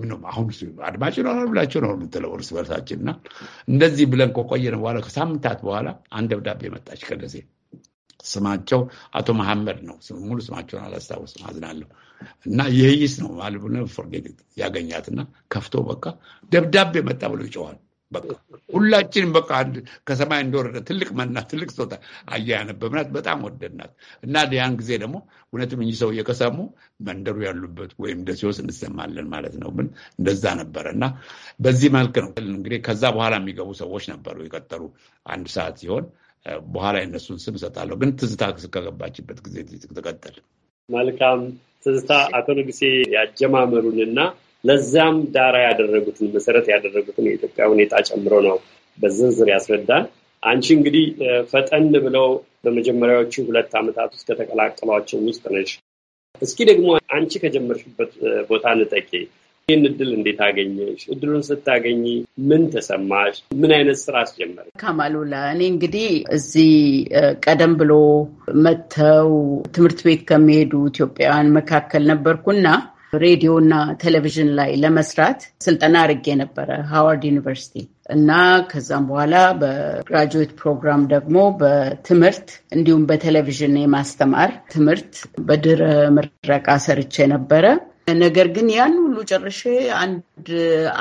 ምንም አሁን አድማጭ ነው ብላቸው ነው የምትለው እርስ በርሳችን እና እንደዚህ ብለን ከቆየን በኋላ ከሳምንታት በኋላ አንድ ደብዳቤ መጣች ከደሴ። ስማቸው አቶ መሐመድ ነው። ሙሉ ስማቸውን አላስታውስም፣ አዝናለሁ። እና ይህይስ ነው ማለት ፎርጌት ያገኛት እና ከፍቶ በቃ ደብዳቤ መጣ ብሎ ይጨዋል። በቃ ሁላችንም በቃ አንድ ከሰማይ እንደወረደ ትልቅ መና ትልቅ ስጦታ አያ ያነበብናት በጣም ወደድናት እና ያን ጊዜ ደግሞ እውነትም እኚህ ሰው እየከሰሙ መንደሩ ያሉበት ወይም ደሴዎስ እንሰማለን ማለት ነው። ምን እንደዛ ነበረ እና በዚህ መልክ ነው እንግዲህ ከዛ በኋላ የሚገቡ ሰዎች ነበሩ የቀጠሩ አንድ ሰዓት ሲሆን በኋላ የነሱን ስም እሰጣለሁ። ግን ትዝታ ከገባችበት ጊዜ ትቀጠል። መልካም ትዝታ። አቶ ንጉሴ ያጀማመሩንና ለዛም ዳራ ያደረጉትን መሰረት ያደረጉትን የኢትዮጵያ ሁኔታ ጨምሮ ነው በዝርዝር ያስረዳል። አንቺ እንግዲህ ፈጠን ብለው በመጀመሪያዎቹ ሁለት ዓመታት ውስጥ ከተቀላቀሏቸው ውስጥ ነሽ። እስኪ ደግሞ አንቺ ከጀመርሽበት ቦታ ንጠቂ። ይህን እድል እንዴት አገኘሽ? እድሉን ስታገኝ ምን ተሰማሽ? ምን አይነት ስራ አስጀመረ? ካማሉላ እኔ እንግዲህ እዚህ ቀደም ብሎ መጥተው ትምህርት ቤት ከሚሄዱ ኢትዮጵያውያን መካከል ነበርኩና ሬዲዮ እና ቴሌቪዥን ላይ ለመስራት ስልጠና አድርጌ ነበረ ሃዋርድ ዩኒቨርሲቲ እና ከዛም በኋላ በግራጁዌት ፕሮግራም ደግሞ በትምህርት እንዲሁም በቴሌቪዥን የማስተማር ትምህርት በድረ ምረቃ ሰርቼ ነበረ። ነገር ግን ያን ሁሉ ጨርሼ አንድ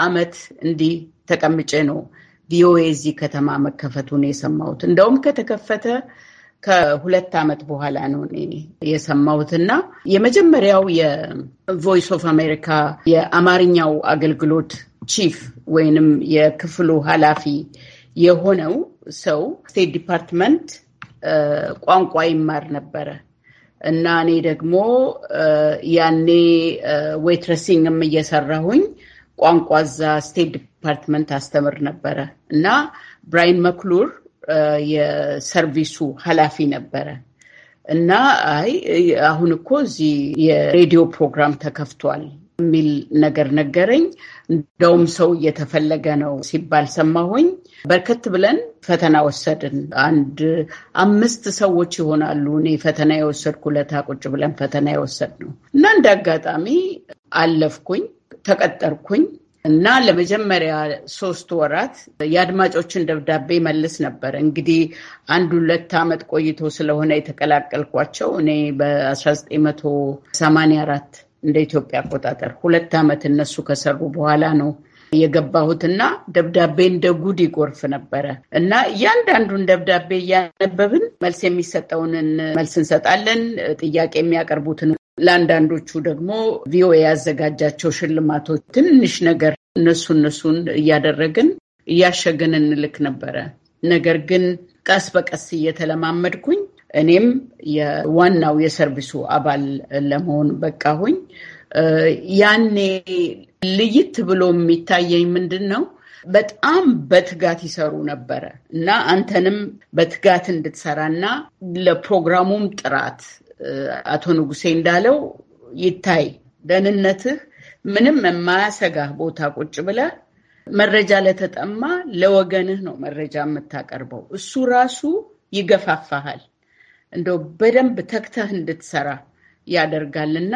አመት እንዲህ ተቀምጬ ነው ቪኦኤ እዚህ ከተማ መከፈቱን የሰማሁት። እንደውም ከተከፈተ ከሁለት ዓመት በኋላ ነው እኔ የሰማሁት እና የመጀመሪያው የቮይስ ኦፍ አሜሪካ የአማርኛው አገልግሎት ቺፍ ወይንም የክፍሉ ኃላፊ የሆነው ሰው ስቴት ዲፓርትመንት ቋንቋ ይማር ነበረ እና እኔ ደግሞ ያኔ ዌትረሲንግም እየሰራሁኝ ቋንቋ እዛ ስቴት ዲፓርትመንት አስተምር ነበረ እና ብራይን መክሉር የሰርቪሱ ኃላፊ ነበረ እና አይ አሁን እኮ እዚህ የሬዲዮ ፕሮግራም ተከፍቷል የሚል ነገር ነገረኝ። እንደውም ሰው እየተፈለገ ነው ሲባል ሰማሁኝ። በርከት ብለን ፈተና ወሰድን። አንድ አምስት ሰዎች ይሆናሉ። እኔ ፈተና የወሰድኩ ለታ ቁጭ ብለን ፈተና የወሰድ ነው እና እንደ አጋጣሚ አለፍኩኝ፣ ተቀጠርኩኝ። እና ለመጀመሪያ ሶስት ወራት የአድማጮችን ደብዳቤ መልስ ነበር። እንግዲህ አንድ ሁለት ዓመት ቆይቶ ስለሆነ የተቀላቀልኳቸው እኔ በ1984 እንደ ኢትዮጵያ አቆጣጠር ሁለት ዓመት እነሱ ከሰሩ በኋላ ነው የገባሁትና ደብዳቤ እንደ ጉድ ይጎርፍ ነበረ እና እያንዳንዱን ደብዳቤ እያነበብን መልስ የሚሰጠውን መልስ እንሰጣለን። ጥያቄ የሚያቀርቡትን ለአንዳንዶቹ ደግሞ ቪኦኤ ያዘጋጃቸው ሽልማቶች ትንሽ ነገር እነሱ እነሱን እያደረግን እያሸግን እንልክ ነበረ። ነገር ግን ቀስ በቀስ እየተለማመድኩኝ እኔም የዋናው የሰርቪሱ አባል ለመሆን በቃሁኝ። ያኔ ልይት ብሎ የሚታየኝ ምንድን ነው? በጣም በትጋት ይሰሩ ነበረ እና አንተንም በትጋት እንድትሰራና ለፕሮግራሙም ጥራት አቶ ንጉሴ እንዳለው ይታይ ደህንነትህ ምንም የማያሰጋህ ቦታ ቁጭ ብለህ መረጃ ለተጠማ ለወገንህ ነው መረጃ የምታቀርበው። እሱ ራሱ ይገፋፋሃል፣ እንደው በደንብ ተክተህ እንድትሰራ ያደርጋልና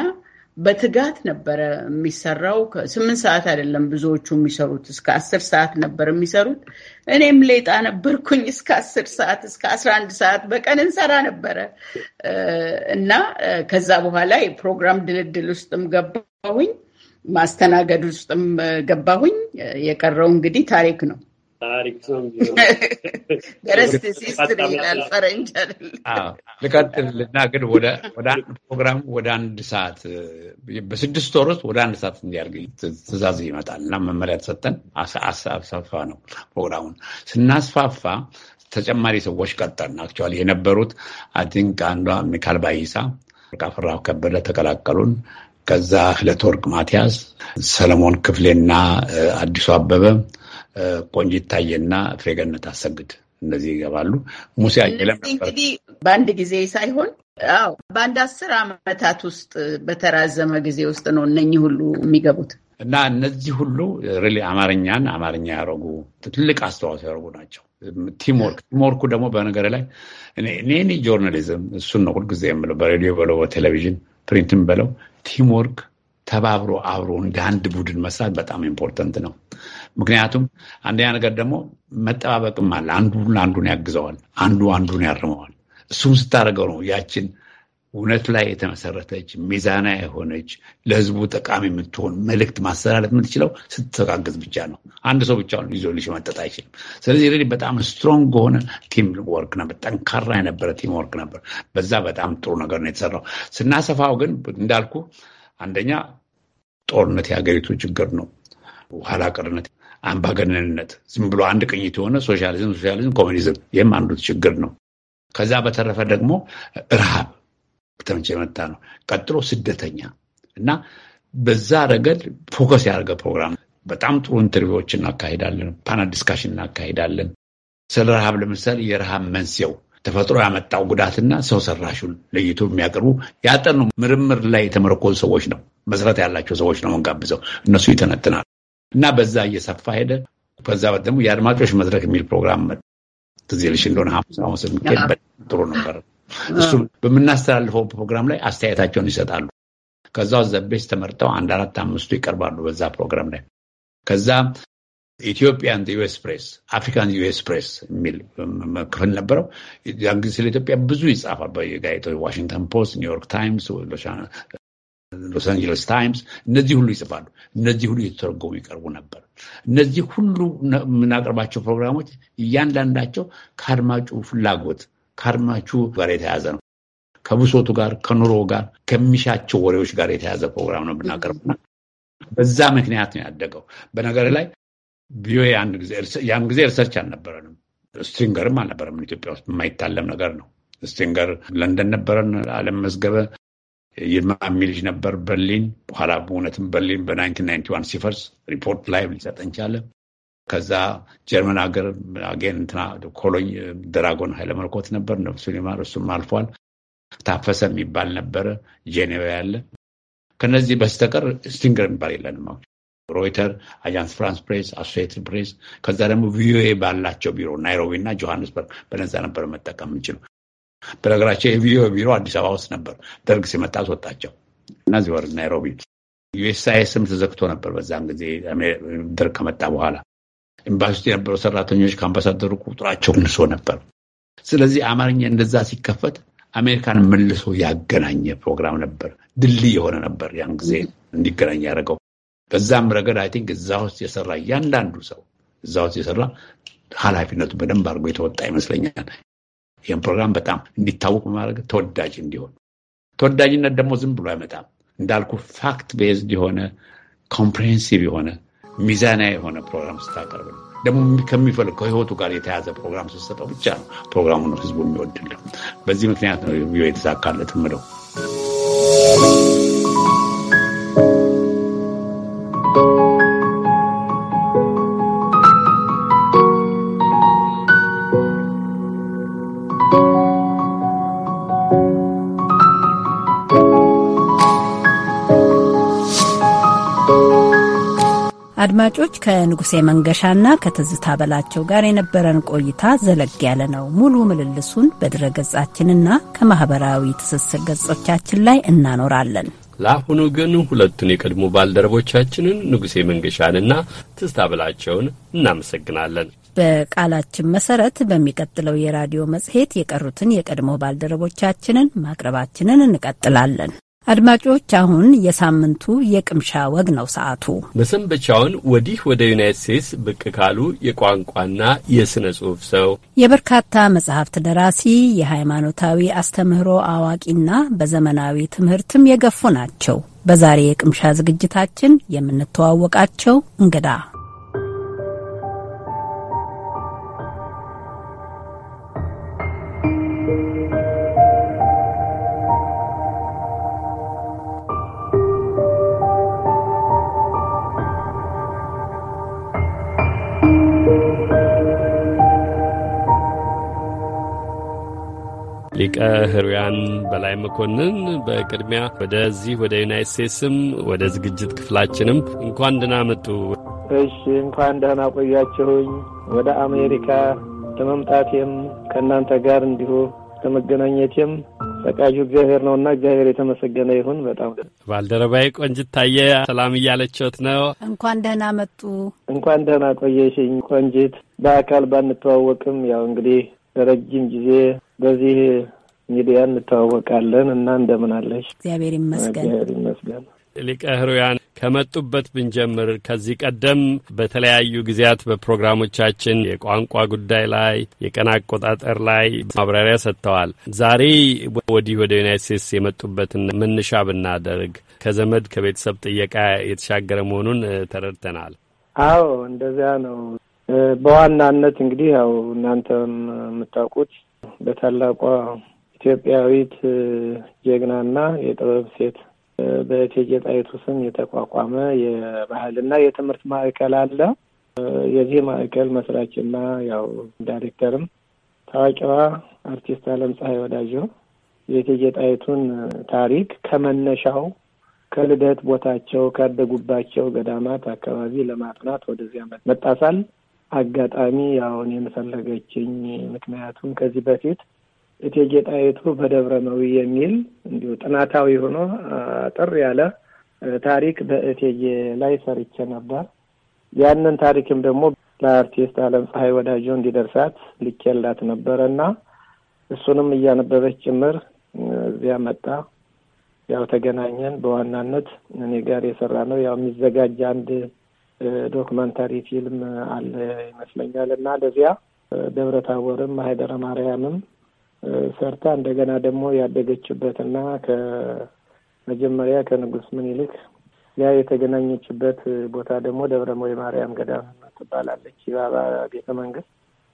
በትጋት ነበረ የሚሰራው። ስምንት ሰዓት አይደለም ብዙዎቹ የሚሰሩት እስከ አስር ሰዓት ነበር የሚሰሩት። እኔም ሌጣ ነበርኩኝ እስከ አስር ሰዓት እስከ አስራ አንድ ሰዓት በቀን እንሰራ ነበረ እና ከዛ በኋላ የፕሮግራም ድልድል ውስጥም ገባሁኝ፣ ማስተናገድ ውስጥም ገባሁኝ። የቀረው እንግዲህ ታሪክ ነው። ታሪክ ሰው ገረስት ይላል ፈረንጅ አይደል? ልቀጥልና ግን ወደ አንድ ፕሮግራም ወደ አንድ ሰዓት በስድስት ወር ውስጥ ወደ አንድ ሰዓት እንዲያርግ ትእዛዝ ይመጣል እና መመሪያ ተሰጠን። አሳፋ ነው ፕሮግራሙን ስናስፋፋ ተጨማሪ ሰዎች ቀጠርን። አክቹዋሊ የነበሩት አይ ቲንክ አንዷ ሚካል ባይሳ ቃፍራው ከበደ ተቀላቀሉን። ከዛ ለተወርቅ ማቲያስ፣ ሰለሞን ክፍሌና አዲሱ አበበ ቆንጂት ይታየና ፌገነት አሰግድ እነዚህ ይገባሉ። ሙሴ አየለም እንግዲህ በአንድ ጊዜ ሳይሆን አዎ በአንድ አስር ዓመታት ውስጥ በተራዘመ ጊዜ ውስጥ ነው እነኚህ ሁሉ የሚገቡት እና እነዚህ ሁሉ ሪሊ አማርኛን አማርኛ ያደረጉ ትልቅ አስተዋጽኦ ያደረጉ ናቸው። ቲምወርክ ቲምወርኩ ደግሞ በነገር ላይ እኔ ጆርናሊዝም እሱን ነው ሁልጊዜ የምለው በሬዲዮ በለው በቴሌቪዥን ፕሪንትም በለው ቲምወርክ ተባብሮ አብሮ እንደ አንድ ቡድን መስራት በጣም ኢምፖርተንት ነው። ምክንያቱም አንደኛ ነገር ደግሞ መጠባበቅም አለ። አንዱ አንዱን ያግዘዋል፣ አንዱ አንዱን ያርመዋል። እሱም ስታደርገው ነው ያችን እውነት ላይ የተመሰረተች ሚዛና የሆነች ለህዝቡ ጠቃሚ የምትሆን መልእክት ማስተላለፍ የምትችለው ስትተጋገዝ ብቻ ነው። አንድ ሰው ብቻውን ይዞ ልጅ መጠጥ አይችልም። ስለዚህ ሬዲ በጣም ስትሮንግ የሆነ ቲም ወርክ ነበር፣ ጠንካራ የነበረ ቲም ወርክ ነበር። በዛ በጣም ጥሩ ነገር ነው የተሰራው። ስናሰፋው ግን እንዳልኩ አንደኛ ጦርነት የሀገሪቱ ችግር ነው። ኋላ ቀርነት አምባገነንነት፣ ዝም ብሎ አንድ ቅኝት የሆነ ሶሻሊዝም፣ ሶሻሊዝም፣ ኮሚኒዝም፣ ይህም አንዱ ችግር ነው። ከዛ በተረፈ ደግሞ ረሃብ ተመቸ የመጣ ነው። ቀጥሎ ስደተኛ እና በዛ ረገድ ፎከስ ያደርገ ፕሮግራም በጣም ጥሩ ኢንተርቪዎች እናካሄዳለን፣ ፓናል ዲስካሽን እናካሄዳለን። ስለ ረሃብ ለምሳሌ የረሃብ መንስኤው ተፈጥሮ ያመጣው ጉዳትና ሰው ሰራሹን ለይቶ የሚያቀርቡ ያጠኑ ምርምር ላይ የተመረኮዙ ሰዎች ነው መሰረት ያላቸው ሰዎች ነው መንጋብዘው እነሱ ይተነትናል። እና በዛ እየሰፋ ሄደ። በዛ ደግሞ የአድማጮች መድረክ የሚል ፕሮግራም ትዝ ይልሽ እንደሆነ ሐሙስ የሚካሄድ ጥሩ ነበር። እሱ በምናስተላልፈው ፕሮግራም ላይ አስተያየታቸውን ይሰጣሉ። ከዛ ዘቤስ ተመርጠው አንድ አራት አምስቱ ይቀርባሉ በዛ ፕሮግራም ላይ። ከዛ ኢትዮጵያን ዩኤስ ፕሬስ፣ አፍሪካን ዩኤስ ፕሬስ የሚል ክፍል ነበረው። ያን ጊዜ ስለ ኢትዮጵያ ብዙ ይጻፋል በጋዜጦች ዋሽንግተን ፖስት፣ ኒውዮርክ ታይምስ፣ ሎስ አንጀለስ ታይምስ፣ እነዚህ ሁሉ ይጽፋሉ። እነዚህ ሁሉ እየተተረጎሙ ይቀርቡ ነበር። እነዚህ ሁሉ የምናቀርባቸው ፕሮግራሞች እያንዳንዳቸው ከአድማጩ ፍላጎት ከአድማጩ ጋር የተያዘ ነው። ከብሶቱ ጋር፣ ከኑሮ ጋር፣ ከሚሻቸው ወሬዎች ጋር የተያዘ ፕሮግራም ነው የምናቀርቡና በዛ ምክንያት ነው ያደገው። በነገር ላይ ቪኦኤ ያን ጊዜ ሪሰርች አልነበረንም፣ ስትሪንገርም አልነበረም። ኢትዮጵያ ውስጥ የማይታለም ነገር ነው። ስትሪንገር ለንደን ነበረን፣ አለም መዝገበ የማሚ ልጅ ነበር በርሊን። በኋላ በእውነትም በርሊን በ1991 ሲፈርስ ሪፖርት ላይ ሊሰጠን ቻለ። ከዛ ጀርመን ሀገር አጌን እንትና ኮሎኝ ድራጎን ኃይለመለኮት ነበር ነፍሱ ይማር፣ እሱም አልፏል። ታፈሰ የሚባል ነበረ ጄኔቫ ያለ። ከነዚህ በስተቀር ስቲንገር የሚባል የለንም። ሮይተር፣ አጃንስ ፍራንስ ፕሬስ፣ አሶሲየትድ ፕሬስ ከዛ ደግሞ ቪኦኤ ባላቸው ቢሮ ናይሮቢ እና ጆሃንስበርግ በነዛ ነበር መጠቀም የምንችለው። በነገራቸው ይህ ቪዲዮ ቢሮ አዲስ አበባ ውስጥ ነበር። ደርግ ሲመጣ አስወጣቸው እና እዚህ ወር ናይሮቢ ዩኤስአይኤስም ተዘግቶ ነበር። በዛም ጊዜ ደርግ ከመጣ በኋላ ኤምባሲ ውስጥ የነበሩ ሰራተኞች ከአምባሳደሩ ቁጥራቸው ንሶ ነበር። ስለዚህ አማርኛ እንደዛ ሲከፈት አሜሪካን መልሶ ያገናኘ ፕሮግራም ነበር። ድልድይ የሆነ ነበር ያን ጊዜ እንዲገናኝ ያደረገው። በዛም ረገድ አይ ቲንክ እዛ ውስጥ የሰራ እያንዳንዱ ሰው እዛ ውስጥ የሰራ ኃላፊነቱ በደንብ አድርጎ የተወጣ ይመስለኛል። ይህን ፕሮግራም በጣም እንዲታወቅ በማድረግ ተወዳጅ እንዲሆን ተወዳጅነት ደግሞ ዝም ብሎ አይመጣም። እንዳልኩ ፋክት ቤዝድ የሆነ ኮምፕሬሄንሲቭ የሆነ ሚዛና የሆነ ፕሮግራም ስታቀርብ ነው። ደግሞ ከሚፈልግ ከህይወቱ ጋር የተያዘ ፕሮግራም ስትሰጠው ብቻ ነው ፕሮግራሙ ህዝቡ የሚወድልም። በዚህ ምክንያት ነው የተሳካለት ምለው አድማጮች ከንጉሴ መንገሻና ከትዝታ በላቸው ጋር የነበረን ቆይታ ዘለግ ያለ ነው። ሙሉ ምልልሱን በድረ ገጻችንና ከማህበራዊ ትስስር ገጾቻችን ላይ እናኖራለን። ለአሁኑ ግን ሁለቱን የቀድሞ ባልደረቦቻችንን ንጉሴ መንገሻንና ትዝታ በላቸውን እናመሰግናለን። በቃላችን መሰረት በሚቀጥለው የራዲዮ መጽሔት የቀሩትን የቀድሞ ባልደረቦቻችንን ማቅረባችንን እንቀጥላለን። አድማጮች አሁን የሳምንቱ የቅምሻ ወግ ነው ሰዓቱ። መሰንበቻውን ወዲህ ወደ ዩናይት ስቴትስ ብቅ ካሉ የቋንቋና የሥነ ጽሑፍ ሰው፣ የበርካታ መጽሐፍት ደራሲ፣ የሃይማኖታዊ አስተምህሮ አዋቂና በዘመናዊ ትምህርትም የገፉ ናቸው። በዛሬ የቅምሻ ዝግጅታችን የምንተዋወቃቸው እንግዳ ሊቀ ህሩያን በላይ መኮንን በቅድሚያ ወደዚህ ወደ ዩናይት ስቴትስም ወደ ዝግጅት ክፍላችንም እንኳን ደህና መጡ። እሺ፣ እንኳን ደህና ቆያችሁኝ። ወደ አሜሪካ ለመምጣቴም ከእናንተ ጋር እንዲሁ ለመገናኘቴም ፈቃጁ እግዚአብሔር ነው እና እግዚአብሔር የተመሰገነ ይሁን። በጣም ባልደረባዬ ቆንጅት ታየ ሰላም እያለችት ነው። እንኳን ደህና መጡ። እንኳን ደህና ቆየሽኝ ቆንጅት። በአካል ባንተዋወቅም ያው እንግዲህ ለረጅም ጊዜ በዚህ እንግዲህ እንተዋወቃለን እና እንደምን አለሽ? እግዚአብሔር ይመስገን። እግዚአብሔር ሊቀ ሕሩያን ከመጡበት ብንጀምር ከዚህ ቀደም በተለያዩ ጊዜያት በፕሮግራሞቻችን የቋንቋ ጉዳይ ላይ የቀን አቆጣጠር ላይ ማብራሪያ ሰጥተዋል። ዛሬ ወዲህ ወደ ዩናይት ስቴትስ የመጡበትን መነሻ ብናደርግ ከዘመድ ከቤተሰብ ጥየቃ የተሻገረ መሆኑን ተረድተናል። አዎ እንደዚያ ነው። በዋናነት እንግዲህ ያው እናንተም የምታውቁት በታላቋ ኢትዮጵያዊት ጀግናና የጥበብ ሴት በእቴጌ ጣይቱ ስም የተቋቋመ የባህልና የትምህርት ማዕከል አለ። የዚህ ማዕከል መስራችና ያው ዳይሬክተርም ታዋቂዋ አርቲስት አለም ፀሐይ ወዳጆ የእቴጌ ጣይቱን ታሪክ ከመነሻው ከልደት ቦታቸው ካደጉባቸው ገዳማት አካባቢ ለማጥናት ወደዚያ መጣሳል። አጋጣሚ ያው እኔን ፈለገችኝ። ምክንያቱም ከዚህ በፊት እቴጌ ጣይቱ በደብረ መዊ የሚል እንዲሁ ጥናታዊ ሆኖ አጠር ያለ ታሪክ በእቴጌ ላይ ሰርቼ ነበር። ያንን ታሪክም ደግሞ ለአርቲስት አለም ፀሐይ ወዳጆ እንዲደርሳት ልኬላት ነበረ እና እሱንም እያነበበች ጭምር እዚያ መጣ። ያው ተገናኘን። በዋናነት እኔ ጋር የሰራ ነው ያው የሚዘጋጅ አንድ ዶክመንታሪ ፊልም አለ ይመስለኛል እና ለዚያ ደብረ ታቦርም ሀይደረ ማርያምም ሰርታ እንደገና ደግሞ ያደገችበትና ከመጀመሪያ ከንጉስ ምኒልክ ያ የተገናኘችበት ቦታ ደግሞ ደብረሞይ ማርያም ገዳም ትባላለች። የባባ ቤተ መንግስት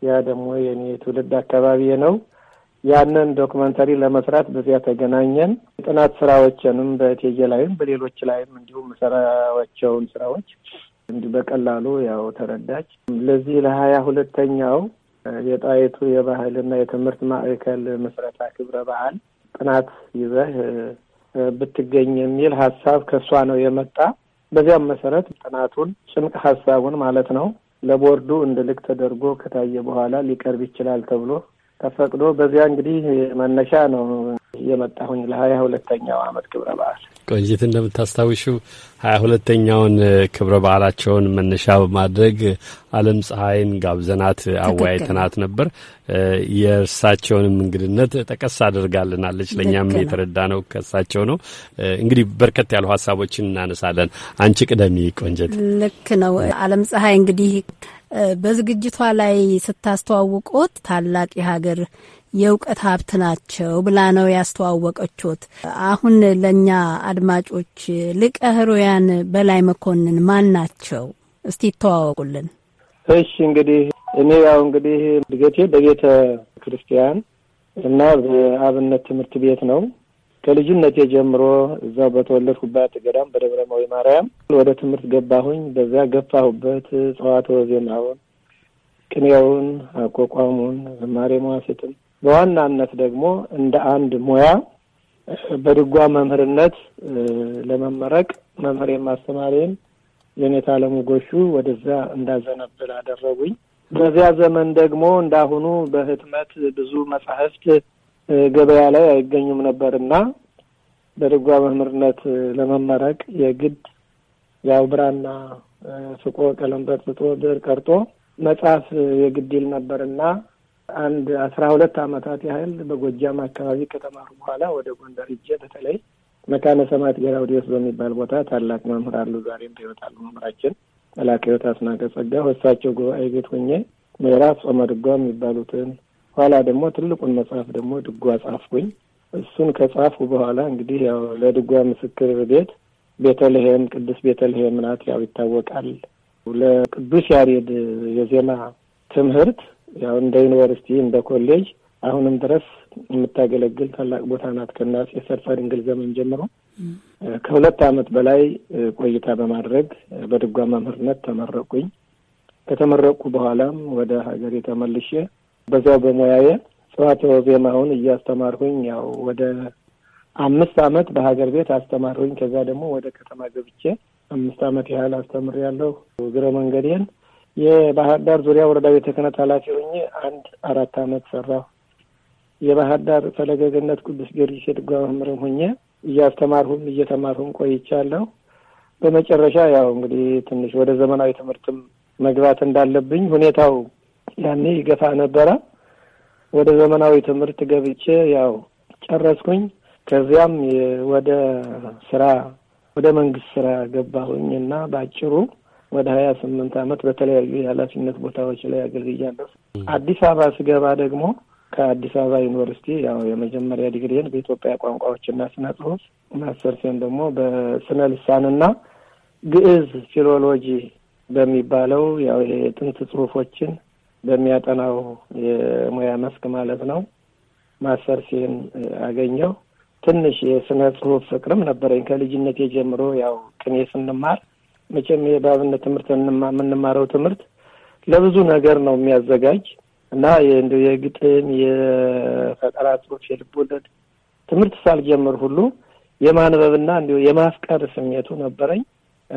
ያ ደግሞ የኔ ትውልድ አካባቢ ነው። ያንን ዶክመንተሪ ለመስራት በዚያ ተገናኘን። ጥናት ስራዎችንም በእቴጌ ላይም በሌሎች ላይም እንዲሁም መሰራቸውን ስራዎች እንዲህ በቀላሉ ያው ተረዳች። ለዚህ ለሀያ ሁለተኛው የጣይቱ የባህልና የትምህርት ማዕከል ምስረታ ክብረ በዓል ጥናት ይዘህ ብትገኝ የሚል ሀሳብ ከእሷ ነው የመጣ። በዚያም መሰረት ጥናቱን ጭምቅ ሀሳቡን ማለት ነው ለቦርዱ እንድልክ ተደርጎ ከታየ በኋላ ሊቀርብ ይችላል ተብሎ ተፈቅዶ በዚያ እንግዲህ መነሻ ነው የመጣሁኝ ለሀያ ሁለተኛው አመት ክብረ በዓል ቆንጂት እንደምታስታውሽው ሀያ ሁለተኛውን ክብረ በዓላቸውን መነሻ በማድረግ አለም ፀሐይን ጋብዘናት አወያይተናት ነበር። የእርሳቸውንም እንግድነት ጠቀስ አድርጋልናለች። ለእኛም የተረዳ ነው ከእሳቸው ነው። እንግዲህ በርከት ያሉ ሀሳቦችን እናነሳለን። አንቺ ቅደሚ ቆንጀት። ልክ ነው አለም ፀሐይ እንግዲህ በዝግጅቷ ላይ ስታስተዋውቆት ታላቅ የሀገር የእውቀት ሀብት ናቸው ብላ ነው ያስተዋወቀችት። አሁን ለእኛ አድማጮች ሊቀ ሕሩያን በላይ መኮንን ማን ናቸው? እስቲ ይተዋወቁልን። እሺ እንግዲህ እኔ ያው እንግዲህ እድገቴ በቤተ ክርስቲያን እና በአብነት ትምህርት ቤት ነው ከልጅነቴ ጀምሮ እዛው በተወለድኩባት ገዳም በደብረ መዊ ማርያም ወደ ትምህርት ገባሁኝ። በዚያ ገፋሁበት። ጸዋተ ዜማውን፣ ቅኔውን፣ አቋቋሙን፣ ዝማሬ መዋሥዕትን በዋናነት ደግሞ እንደ አንድ ሙያ በድጓ መምህርነት ለመመረቅ መምህር ማስተማሬን የኔታ አለሙ ጎሹ ወደዚያ እንዳዘነብል አደረጉኝ። በዚያ ዘመን ደግሞ እንዳሁኑ በህትመት ብዙ መጻሕፍት ገበያ ላይ አይገኙም ነበር እና በድጓ መምህርነት ለመመረቅ የግድ ያው ብራና ስቆ ቀለም በጥብጦ ብዕር ቀርጦ መጽሐፍ የግድ ይል ነበር እና አንድ አስራ ሁለት ዓመታት ያህል በጎጃም አካባቢ ከተማሩ በኋላ ወደ ጎንደር ሂጄ በተለይ መካነ ሰማዕት ገላውዴዎስ በሚባል ቦታ ታላቅ መምህር አሉ። ዛሬም በሕይወት አሉ። መምህራችን መላከ ሕይወት አስናቀ ጸጋ ወሳቸው ጉባኤ ቤት ሆኜ ምዕራፍ ጾመ ድጓ የሚባሉትን ኋላ ደግሞ ትልቁን መጽሐፍ ደግሞ ድጓ ጻፍኩኝ። እሱን ከጻፉ በኋላ እንግዲህ ያው ለድጓ ምስክር ቤት ቤተልሔም ቅዱስ ቤተልሔም ናት። ያው ይታወቃል። ለቅዱስ ያሬድ የዜማ ትምህርት ያው እንደ ዩኒቨርሲቲ እንደ ኮሌጅ አሁንም ድረስ የምታገለግል ታላቅ ቦታ ናት። ከናጽ የሰርፈ ድንግል ዘመን ጀምሮ ከሁለት ዓመት በላይ ቆይታ በማድረግ በድጓ መምህርነት ተመረቁኝ። ከተመረቁ በኋላም ወደ ሀገሬ ተመልሼ በዛው በሙያዬ ጽዋተ ወዜማ አሁን እያስተማርኩኝ ያው ወደ አምስት አመት በሀገር ቤት አስተማርኩኝ። ከዛ ደግሞ ወደ ከተማ ገብቼ አምስት አመት ያህል አስተምሬያለሁ። እግረ መንገዴን የባህር ዳር ዙሪያ ወረዳ ቤተ ክህነት ኃላፊ ሆኜ አንድ አራት አመት ሰራሁ። የባህር ዳር ፈለገ ገነት ቅዱስ ጊዮርጊስ የድጓ መምህርም ሆኜ እያስተማርሁም እየተማርሁም ቆይቻለሁ። በመጨረሻ ያው እንግዲህ ትንሽ ወደ ዘመናዊ ትምህርትም መግባት እንዳለብኝ ሁኔታው ያኔ ይገፋ ነበረ። ወደ ዘመናዊ ትምህርት ገብቼ ያው ጨረስኩኝ። ከዚያም ወደ ስራ ወደ መንግስት ስራ ገባሁኝ እና በአጭሩ ወደ ሀያ ስምንት አመት በተለያዩ የኃላፊነት ቦታዎች ላይ አገልግያለሁ። አዲስ አበባ ስገባ ደግሞ ከአዲስ አበባ ዩኒቨርሲቲ ያው የመጀመሪያ ዲግሪን በኢትዮጵያ ቋንቋዎችና ስነ ጽሁፍ ማሰርሴን ደግሞ በስነ ልሳንና ግዕዝ ፊሎሎጂ በሚባለው ያው የጥንት ጽሁፎችን በሚያጠናው የሙያ መስክ ማለት ነው ሲን አገኘው። ትንሽ የስነ ጽሁፍ ፍቅርም ነበረኝ ከልጅነት የጀምሮ ያው ቅኔ ስንማር መቼም የባብነት ትምህርት የምንማረው ትምህርት ለብዙ ነገር ነው የሚያዘጋጅ እና እንደ የግጥም የፈጠራ ጽሁፍ፣ የልቦለድ ትምህርት ሳልጀምር ሁሉ የማንበብና እንዲሁ የማፍቀር ስሜቱ ነበረኝ።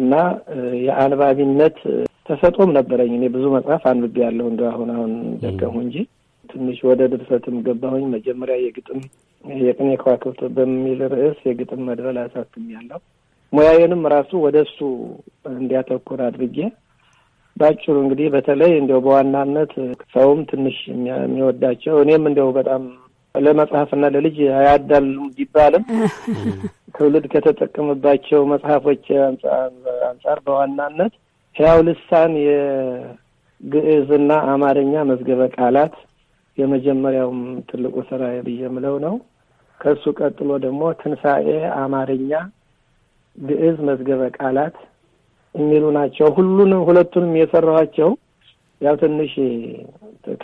እና የአንባቢነት ተሰጦም ነበረኝ። እኔ ብዙ መጽሐፍ አንብቤ ያለሁ እንደ አሁን አሁን ደቀሙ እንጂ ትንሽ ወደ ድርሰትም ገባሁኝ። መጀመሪያ የግጥም የቅኔ ከዋክብት በሚል ርዕስ የግጥም መድበል አሳትም ያለው ሙያዬንም ራሱ ወደ እሱ እንዲያተኩር አድርጌ ባጭሩ እንግዲህ በተለይ እንዲያው በዋናነት ሰውም ትንሽ የሚወዳቸው እኔም እንዲያው በጣም ለመጽሐፍና ለልጅ አያዳልም ቢባልም ትውልድ ከተጠቀመባቸው መጽሐፎች አንጻር በዋናነት ሕያው ልሳን የግዕዝና አማርኛ መዝገበ ቃላት የመጀመሪያውም ትልቁ ስራ ብዬ የምለው ነው። ከእሱ ቀጥሎ ደግሞ ትንሣኤ አማርኛ፣ ግዕዝ መዝገበ ቃላት የሚሉ ናቸው። ሁሉንም ሁለቱንም የሰራኋቸው ያው ትንሽ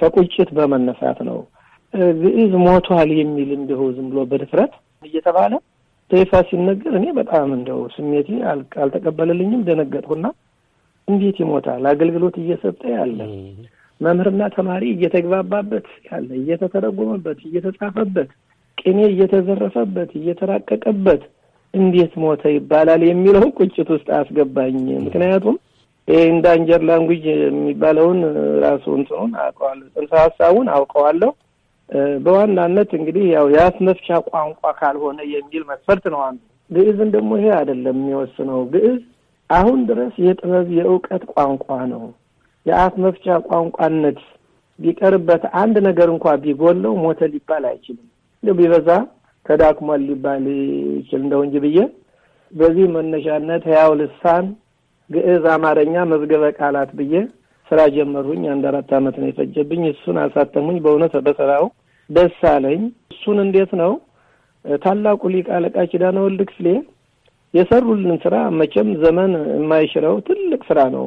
ከቁጭት በመነሳት ነው። ግዕዝ ሞቷል የሚል እንደው ዝም ብሎ በድፍረት እየተባለ በይፋ ሲነገር እኔ በጣም እንደው ስሜቴ አልተቀበለልኝም። ደነገጥኩና እንዴት ይሞታል? አገልግሎት እየሰጠ ያለ መምህርና ተማሪ እየተግባባበት ያለ እየተተረጎመበት፣ እየተጻፈበት፣ ቅኔ እየተዘረፈበት፣ እየተራቀቀበት እንዴት ሞተ ይባላል የሚለው ቁጭት ውስጥ አስገባኝ። ምክንያቱም ይህ ላንጉጅ የሚባለውን ራሱ እንትኑን አውቀዋለሁ፣ ጽንሰ ሀሳቡን አውቀዋለሁ በዋናነት እንግዲህ ያው የአፍ መፍቻ ቋንቋ ካልሆነ የሚል መስፈርት ነው አንዱ። ግዕዝን ደግሞ ይሄ አይደለም የሚወስነው። ግዕዝ አሁን ድረስ የጥበብ የእውቀት ቋንቋ ነው። የአፍ መፍቻ ቋንቋነት ቢቀርበት አንድ ነገር እንኳ ቢጎለው ሞተ ሊባል አይችልም። እንደ ቢበዛ ተዳክሟል ሊባል ይችል እንደው እንጂ ብዬ በዚህ መነሻነት ህያው ልሳን ግዕዝ አማርኛ መዝገበ ቃላት ብዬ ስራ ጀመርሁኝ። አንድ አራት አመት ነው የፈጀብኝ። እሱን አሳተሙኝ። በእውነት በስራው ደሳለኝ እሱን እንዴት ነው ታላቁ ሊቅ አለቃ ኪዳነ ወልድ ክፍሌ የሰሩልን ስራ መቼም ዘመን የማይሽረው ትልቅ ስራ ነው።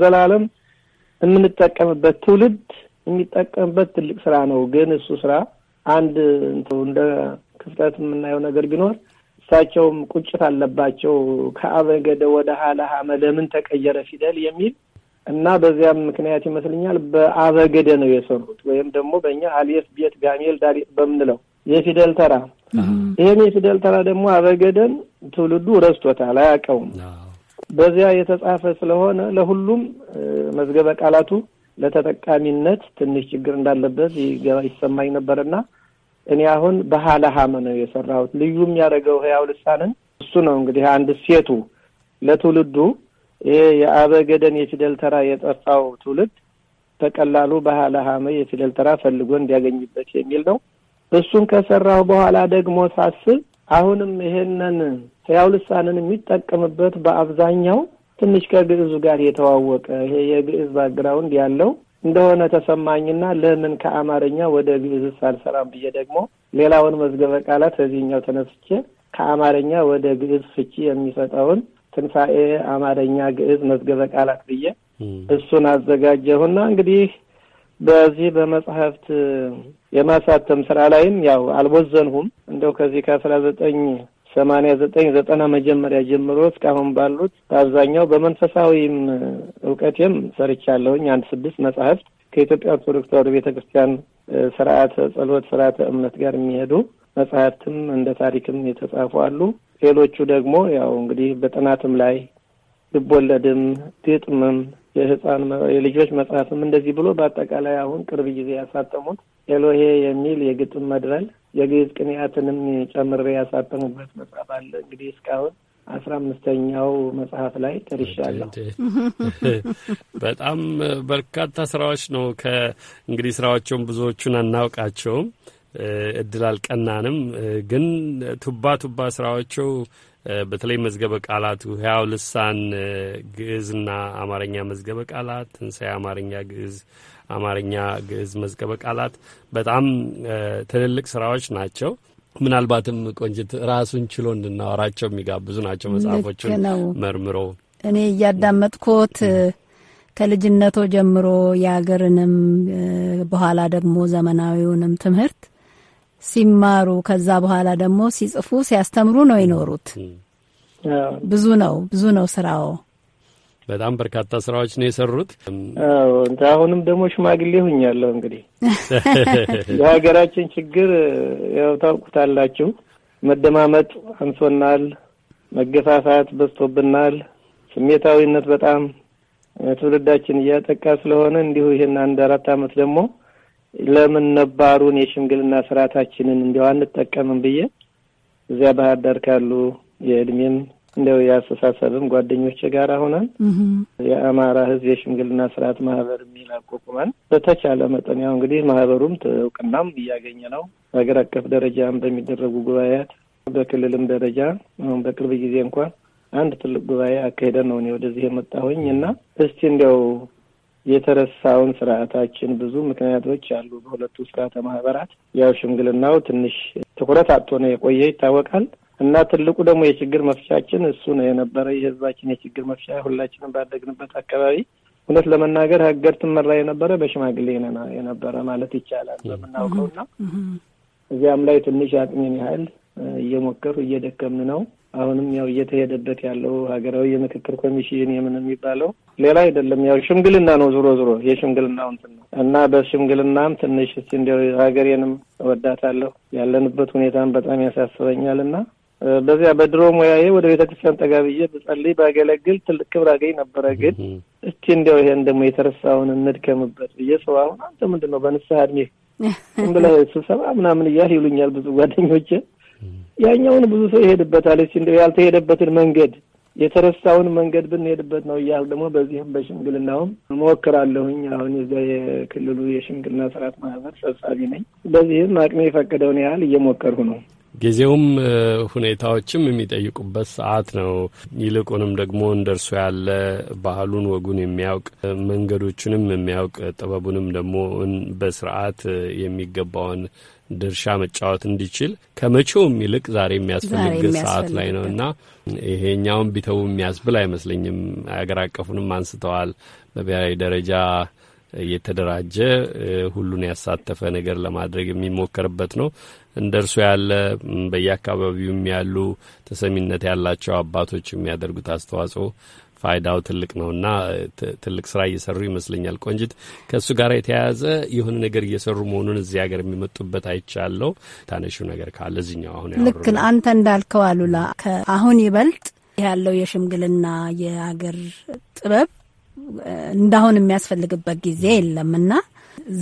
ዘላለም የምንጠቀምበት ትውልድ የሚጠቀምበት ትልቅ ስራ ነው። ግን እሱ ስራ አንድ እንደ ክፍተት የምናየው ነገር ቢኖር እሳቸውም ቁጭት አለባቸው። ከአበገደ ወደ ሀለሀ መለምን ተቀየረ ፊደል የሚል እና በዚያም ምክንያት ይመስለኛል በአበገደ ነው የሰሩት ወይም ደግሞ በእኛ አልየፍ ቤት ጋሜል ዳሪ በምንለው የፊደል ተራ ይህን የፊደል ተራ ደግሞ አበገደን ትውልዱ ረስቶታል፣ አያውቀውም። በዚያ የተጻፈ ስለሆነ ለሁሉም መዝገበ ቃላቱ ለተጠቃሚነት ትንሽ ችግር እንዳለበት ይሰማኝ ነበርና እኔ አሁን በሀለሀመ ነው የሰራሁት። ልዩ የሚያደርገው ህያው ልሳንን እሱ ነው። እንግዲህ አንድ ሴቱ ለትውልዱ ይሄ የአበገደን የፊደል ተራ የጠፋው ትውልድ በቀላሉ ባህለ ሀመ የፊደል ተራ ፈልጎ እንዲያገኝበት የሚል ነው። እሱን ከሰራሁ በኋላ ደግሞ ሳስብ አሁንም ይሄንን ህያው ልሳንን የሚጠቀምበት በአብዛኛው ትንሽ ከግዕዙ ጋር የተዋወቀ ይሄ የግዕዝ ባግራውንድ ያለው እንደሆነ ተሰማኝና ለምን ከአማርኛ ወደ ግዕዝ ሳልሰራም ብዬ ደግሞ ሌላውን መዝገበ ቃላት በዚህኛው ተነስቼ ከአማርኛ ወደ ግዕዝ ፍቺ የሚሰጠውን ትንሣኤ አማርኛ፣ ግዕዝ፣ መዝገበ ቃላት ብዬ እሱን አዘጋጀሁና እንግዲህ በዚህ በመጽሐፍት የማሳተም ስራ ላይም ያው አልቦዘንሁም። እንደው ከዚህ ከአስራ ዘጠኝ ሰማንያ ዘጠኝ ዘጠና መጀመሪያ ጀምሮ እስካሁን ባሉት በአብዛኛው በመንፈሳዊም እውቀቴም ሰርቻለሁኝ። አንድ ስድስት መጽሐፍት ከኢትዮጵያ ኦርቶዶክስ ተዋሕዶ ቤተ ክርስቲያን ስርዓተ ጸሎት፣ ስርዓተ እምነት ጋር የሚሄዱ መጽሐፍትም እንደ ታሪክም የተጻፉ አሉ። ሌሎቹ ደግሞ ያው እንግዲህ በጥናትም ላይ ልቦለድም፣ ግጥምም፣ የህፃን የልጆች መጽሐፍም እንደዚህ ብሎ በአጠቃላይ አሁን ቅርብ ጊዜ ያሳተሙት ኤሎሄ የሚል የግጥም መድረል የግዕዝ ቅንያትንም ጨምሬ ያሳተሙበት መጽሐፍ አለ። እንግዲህ እስካሁን አስራ አምስተኛው መጽሐፍ ላይ ጥርሻለሁ። በጣም በርካታ ስራዎች ነው። ከእንግዲህ ስራዎቸውን ብዙዎቹን አናውቃቸውም። እድል አልቀናንም፣ ግን ቱባ ቱባ ስራዎቹ በተለይ መዝገበ ቃላቱ ህያው ልሳን ግዕዝና አማርኛ መዝገበ ቃላት፣ ትንሣኤ አማርኛ ግዕዝ፣ አማርኛ ግዕዝ መዝገበ ቃላት በጣም ትልልቅ ስራዎች ናቸው። ምናልባትም ቆንጅት ራሱን ችሎ እንድናወራቸው የሚጋብዙ ናቸው። መጽሐፎቹን መርምሮ እኔ እያዳመጥኩት ከልጅነቶ ጀምሮ የአገርንም በኋላ ደግሞ ዘመናዊውንም ትምህርት ሲማሩ ከዛ በኋላ ደግሞ ሲጽፉ ሲያስተምሩ ነው የኖሩት። ብዙ ነው ብዙ ነው ስራው። በጣም በርካታ ስራዎች ነው የሰሩት። አሁንም ደግሞ ሽማግሌ ሁኛለሁ። እንግዲህ የሀገራችን ችግር ያው ታውቁታላችሁ። መደማመጥ አንሶናል፣ መገፋፋት በዝቶብናል፣ ስሜታዊነት በጣም ትውልዳችን እያጠቃ ስለሆነ እንዲሁ ይህን አንድ አራት አመት ደግሞ ለምን ነባሩን የሽምግልና ስርዓታችንን እንዲያው አንጠቀምም ብዬ እዚያ ባህር ዳር ካሉ የእድሜም እንደው የአስተሳሰብም ጓደኞች ጋር ሆነን የአማራ ህዝብ የሽምግልና ስርዓት ማህበር የሚል አቋቁመን በተቻለ መጠን ያው እንግዲህ ማህበሩም እውቅናም እያገኘ ነው። በሀገር አቀፍ ደረጃም በሚደረጉ ጉባኤያት፣ በክልልም ደረጃ አሁን በቅርብ ጊዜ እንኳን አንድ ትልቅ ጉባኤ አካሄደን ነው እኔ ወደዚህ የመጣሁኝ እና እስቲ እንዲያው የተረሳውን ስርዓታችን ብዙ ምክንያቶች አሉ። በሁለቱ ስርዓተ ማህበራት ያው ሽምግልናው ትንሽ ትኩረት አጥቶ ነው የቆየ ይታወቃል። እና ትልቁ ደግሞ የችግር መፍቻችን እሱ ነው የነበረ የህዝባችን የችግር መፍቻ ሁላችንም ባደግንበት አካባቢ እውነት ለመናገር ሀገር ትመራ የነበረ በሽማግሌ የነበረ ማለት ይቻላል በምናውቀውና እዚያም ላይ ትንሽ አቅሜን ያህል እየሞከሩ እየደከምን ነው። አሁንም ያው እየተሄደበት ያለው ሀገራዊ የምክክር ኮሚሽን የምን የሚባለው ሌላ አይደለም፣ ያው ሽምግልና ነው። ዞሮ ዞሮ የሽምግልናው እንትን ነው እና በሽምግልናም ትንሽ እስቲ እንዲያው ሀገሬንም እወዳታለሁ ያለንበት ሁኔታም በጣም ያሳስበኛል እና በዚያ በድሮ ሙያዬ ወደ ቤተ ክርስቲያን ጠጋብዬ ብጸልይ ባገለግል ትልቅ ክብር አገኝ ነበረ። ግን እስቲ እንዲያው ይሄን ደግሞ የተረሳውን እንድከምበት ብዬ ሰው አሁን አንተ ምንድን ነው በንስሐ እድሜ ብለህ ስብሰባ ምናምን እያል ይሉኛል ብዙ ጓደኞቼ ያኛውን ብዙ ሰው ይሄድበታል። እስኪ እንደው ያልተሄደበትን መንገድ የተረሳውን መንገድ ብንሄድበት ነው እያል ደግሞ በዚህም በሽምግልናውም እሞክራለሁኝ። አሁን የዚያ የክልሉ የሽምግልና ስርዓት ማህበር ሰብሳቢ ነኝ። በዚህም አቅሜ የፈቀደውን ያህል እየሞከርሁ ነው። ጊዜውም ሁኔታዎችም የሚጠይቁበት ሰዓት ነው። ይልቁንም ደግሞ እንደ እርሱ ያለ ባህሉን ወጉን የሚያውቅ መንገዶቹንም የሚያውቅ ጥበቡንም ደግሞ በስርዓት የሚገባውን ድርሻ መጫወት እንዲችል ከመቼውም ይልቅ ዛሬ የሚያስፈልግ ሰዓት ላይ ነው እና ይሄኛውን ቢተው የሚያስብል አይመስለኝም። አገር አቀፉንም አንስተዋል። በብሔራዊ ደረጃ የተደራጀ ሁሉን ያሳተፈ ነገር ለማድረግ የሚሞከርበት ነው። እንደ እርሱ ያለ በየአካባቢውም ያሉ ተሰሚነት ያላቸው አባቶች የሚያደርጉት አስተዋጽኦ ፋይዳው ትልቅ ነውና ትልቅ ስራ እየሰሩ ይመስለኛል። ቆንጅት፣ ከእሱ ጋር የተያያዘ የሆነ ነገር እየሰሩ መሆኑን እዚህ ሀገር የሚመጡበት አይቻለው። ታነሺው ነገር ካለ እዚኛው አሁን ልክ አንተ እንዳልከው አሉላ ከአሁን ይበልጥ ያለው የሽምግልና የሀገር ጥበብ እንዳሁን የሚያስፈልግበት ጊዜ የለምና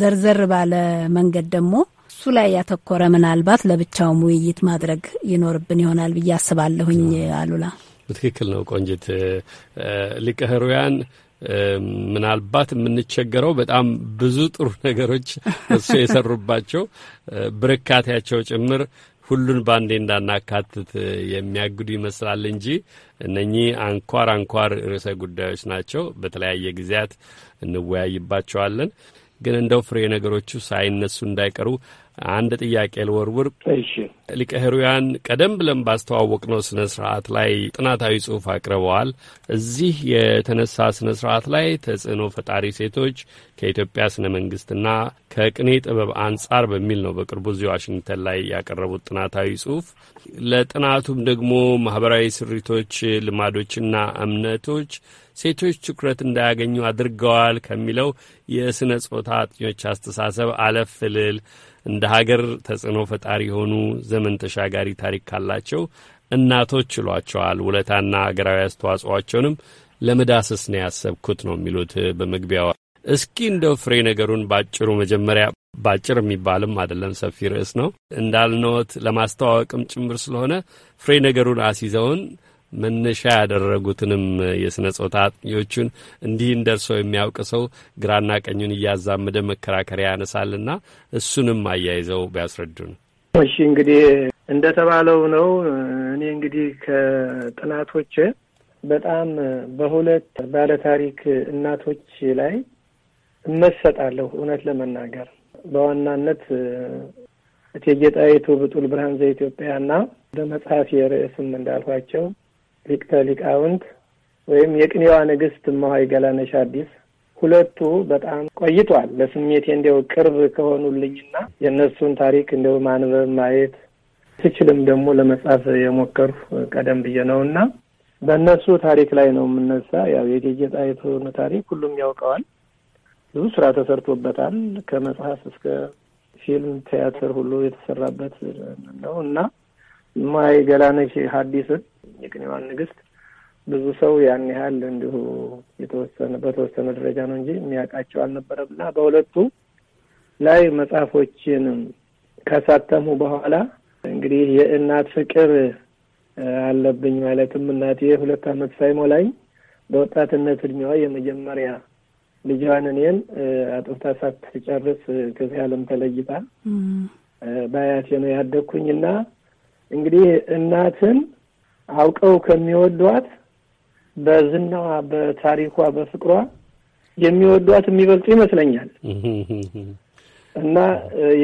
ዘርዘር ባለ መንገድ ደግሞ እሱ ላይ ያተኮረ ምናልባት ለብቻውም ውይይት ማድረግ ይኖርብን ይሆናል ብዬ አስባለሁኝ አሉላ። በትክክል ነው ቆንጅት። ሊቀ ሕሩያን ምናልባት የምንቸገረው በጣም ብዙ ጥሩ ነገሮች እሱ የሰሩባቸው ብርካቴያቸው ጭምር ሁሉን በአንዴ እንዳናካትት የሚያግዱ ይመስላል እንጂ እነኚህ አንኳር አንኳር ርዕሰ ጉዳዮች ናቸው። በተለያየ ጊዜያት እንወያይባቸዋለን። ግን እንደው ፍሬ ነገሮቹ ሳይነሱ እንዳይቀሩ አንድ ጥያቄ ልወርውር። ሊቀ ሕሩያን ቀደም ብለን ባስተዋወቅ ነው ስነ ስርዓት ላይ ጥናታዊ ጽሑፍ አቅርበዋል። እዚህ የተነሳ ስነ ስርዓት ላይ ተጽዕኖ ፈጣሪ ሴቶች ከኢትዮጵያ ስነ መንግስትና ከቅኔ ጥበብ አንጻር በሚል ነው በቅርቡ እዚህ ዋሽንግተን ላይ ያቀረቡት ጥናታዊ ጽሁፍ ለጥናቱም ደግሞ ማህበራዊ ስሪቶች፣ ልማዶችና እምነቶች ሴቶች ትኩረት እንዳያገኙ አድርገዋል ከሚለው የስነ ጾታ አጥኞች አስተሳሰብ አለፍ ልል እንደ ሀገር ተጽዕኖ ፈጣሪ የሆኑ ዘመን ተሻጋሪ ታሪክ ካላቸው እናቶች ችሏቸዋል። ውለታና አገራዊ አስተዋጽኦአቸውንም ለመዳሰስ ነው ያሰብኩት ነው የሚሉት በመግቢያዋ። እስኪ እንደው ፍሬ ነገሩን ባጭሩ መጀመሪያ ባጭር የሚባልም አይደለም ሰፊ ርዕስ ነው እንዳልነዎት ለማስተዋወቅም ጭምር ስለሆነ ፍሬ ነገሩን አስይዘውን መነሻ ያደረጉትንም የሥነ ጾታ አጥኚዎቹን እንዲህ እንደርሶ የሚያውቅ ሰው ግራና ቀኙን እያዛመደ መከራከሪያ ያነሳልና እሱንም አያይዘው ቢያስረዱን። እሺ እንግዲህ እንደተባለው ነው። እኔ እንግዲህ ከጥናቶች በጣም በሁለት ባለታሪክ እናቶች ላይ እመሰጣለሁ። እውነት ለመናገር በዋናነት እቴጌ ጣይቱ ብጡል ብርሃን ዘኢትዮጵያና በመጽሐፍ የርዕስም እንዳልኋቸው ሊቀ ሊቃውንት ወይም የቅኔዋ ንግስት እመሆይ ገላነሽ አዲስ ሁለቱ በጣም ቆይቷል። ለስሜቴ እንዲያው ቅርብ ከሆኑልኝና የእነሱን ታሪክ እንዲያው ማንበብ ማየት ስችልም ደግሞ ለመጻፍ የሞከሩ ቀደም ብዬ ነው እና በእነሱ ታሪክ ላይ ነው የምነሳ። ያው የእቴጌ ጣይቱን ታሪክ ሁሉም ያውቀዋል። ብዙ ስራ ተሰርቶበታል። ከመጽሐፍ እስከ ፊልም፣ ቲያትር ሁሉ የተሰራበት ነው እና ማይ ገላነሽ ሀዲስን የቅኔዋን ንግስት ብዙ ሰው ያን ያህል እንዲሁ የተወሰነ በተወሰነ ደረጃ ነው እንጂ የሚያውቃቸው አልነበረም እና በሁለቱ ላይ መጽሐፎችን ከሳተሙ በኋላ እንግዲህ የእናት ፍቅር አለብኝ ማለትም እናቴ ሁለት ዓመት ሳይሞላኝ በወጣትነት እድሜዋ የመጀመሪያ ልጇን እኔን አጥብታ ሳትጨርስ ከዚህ ዓለም ተለይታ በአያቴ ነው ያደግኩኝና እንግዲህ እናትን አውቀው ከሚወዷት በዝናዋ፣ በታሪኳ፣ በፍቅሯ የሚወዷት የሚበልጡ ይመስለኛል። እና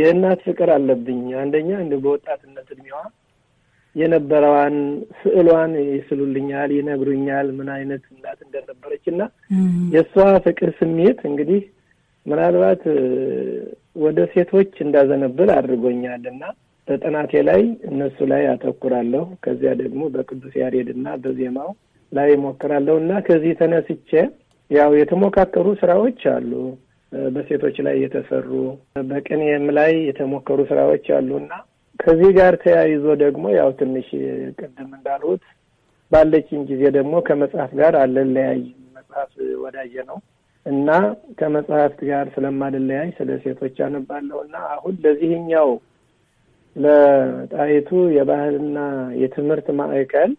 የእናት ፍቅር አለብኝ። አንደኛ እንደ በወጣትነት እድሜዋ የነበረዋን ስዕሏን ይስሉልኛል፣ ይነግሩኛል ምን አይነት እናት እንደነበረች እና የእሷ ፍቅር ስሜት እንግዲህ ምናልባት ወደ ሴቶች እንዳዘነብል አድርጎኛል እና በጥናቴ ላይ እነሱ ላይ አተኩራለሁ። ከዚያ ደግሞ በቅዱስ ያሬድ በዜማው ላይ እሞክራለሁ እና ከዚህ ተነስቼ ያው የተሞካከሩ ስራዎች አሉ በሴቶች ላይ የተሰሩ በቅኔም ላይ የተሞከሩ ስራዎች አሉ እና ከዚህ ጋር ተያይዞ ደግሞ ያው ትንሽ ቅድም እንዳልሁት ባለችኝ ጊዜ ደግሞ ከመጽሐፍ ጋር አለለያይ መጽሐፍ ወዳጄ ነው እና ከመጽሐፍት ጋር ስለማልለያይ ስለ ሴቶች አነባለሁ እና አሁን ለዚህኛው ለጣይቱ የባህልና የትምህርት ማዕከል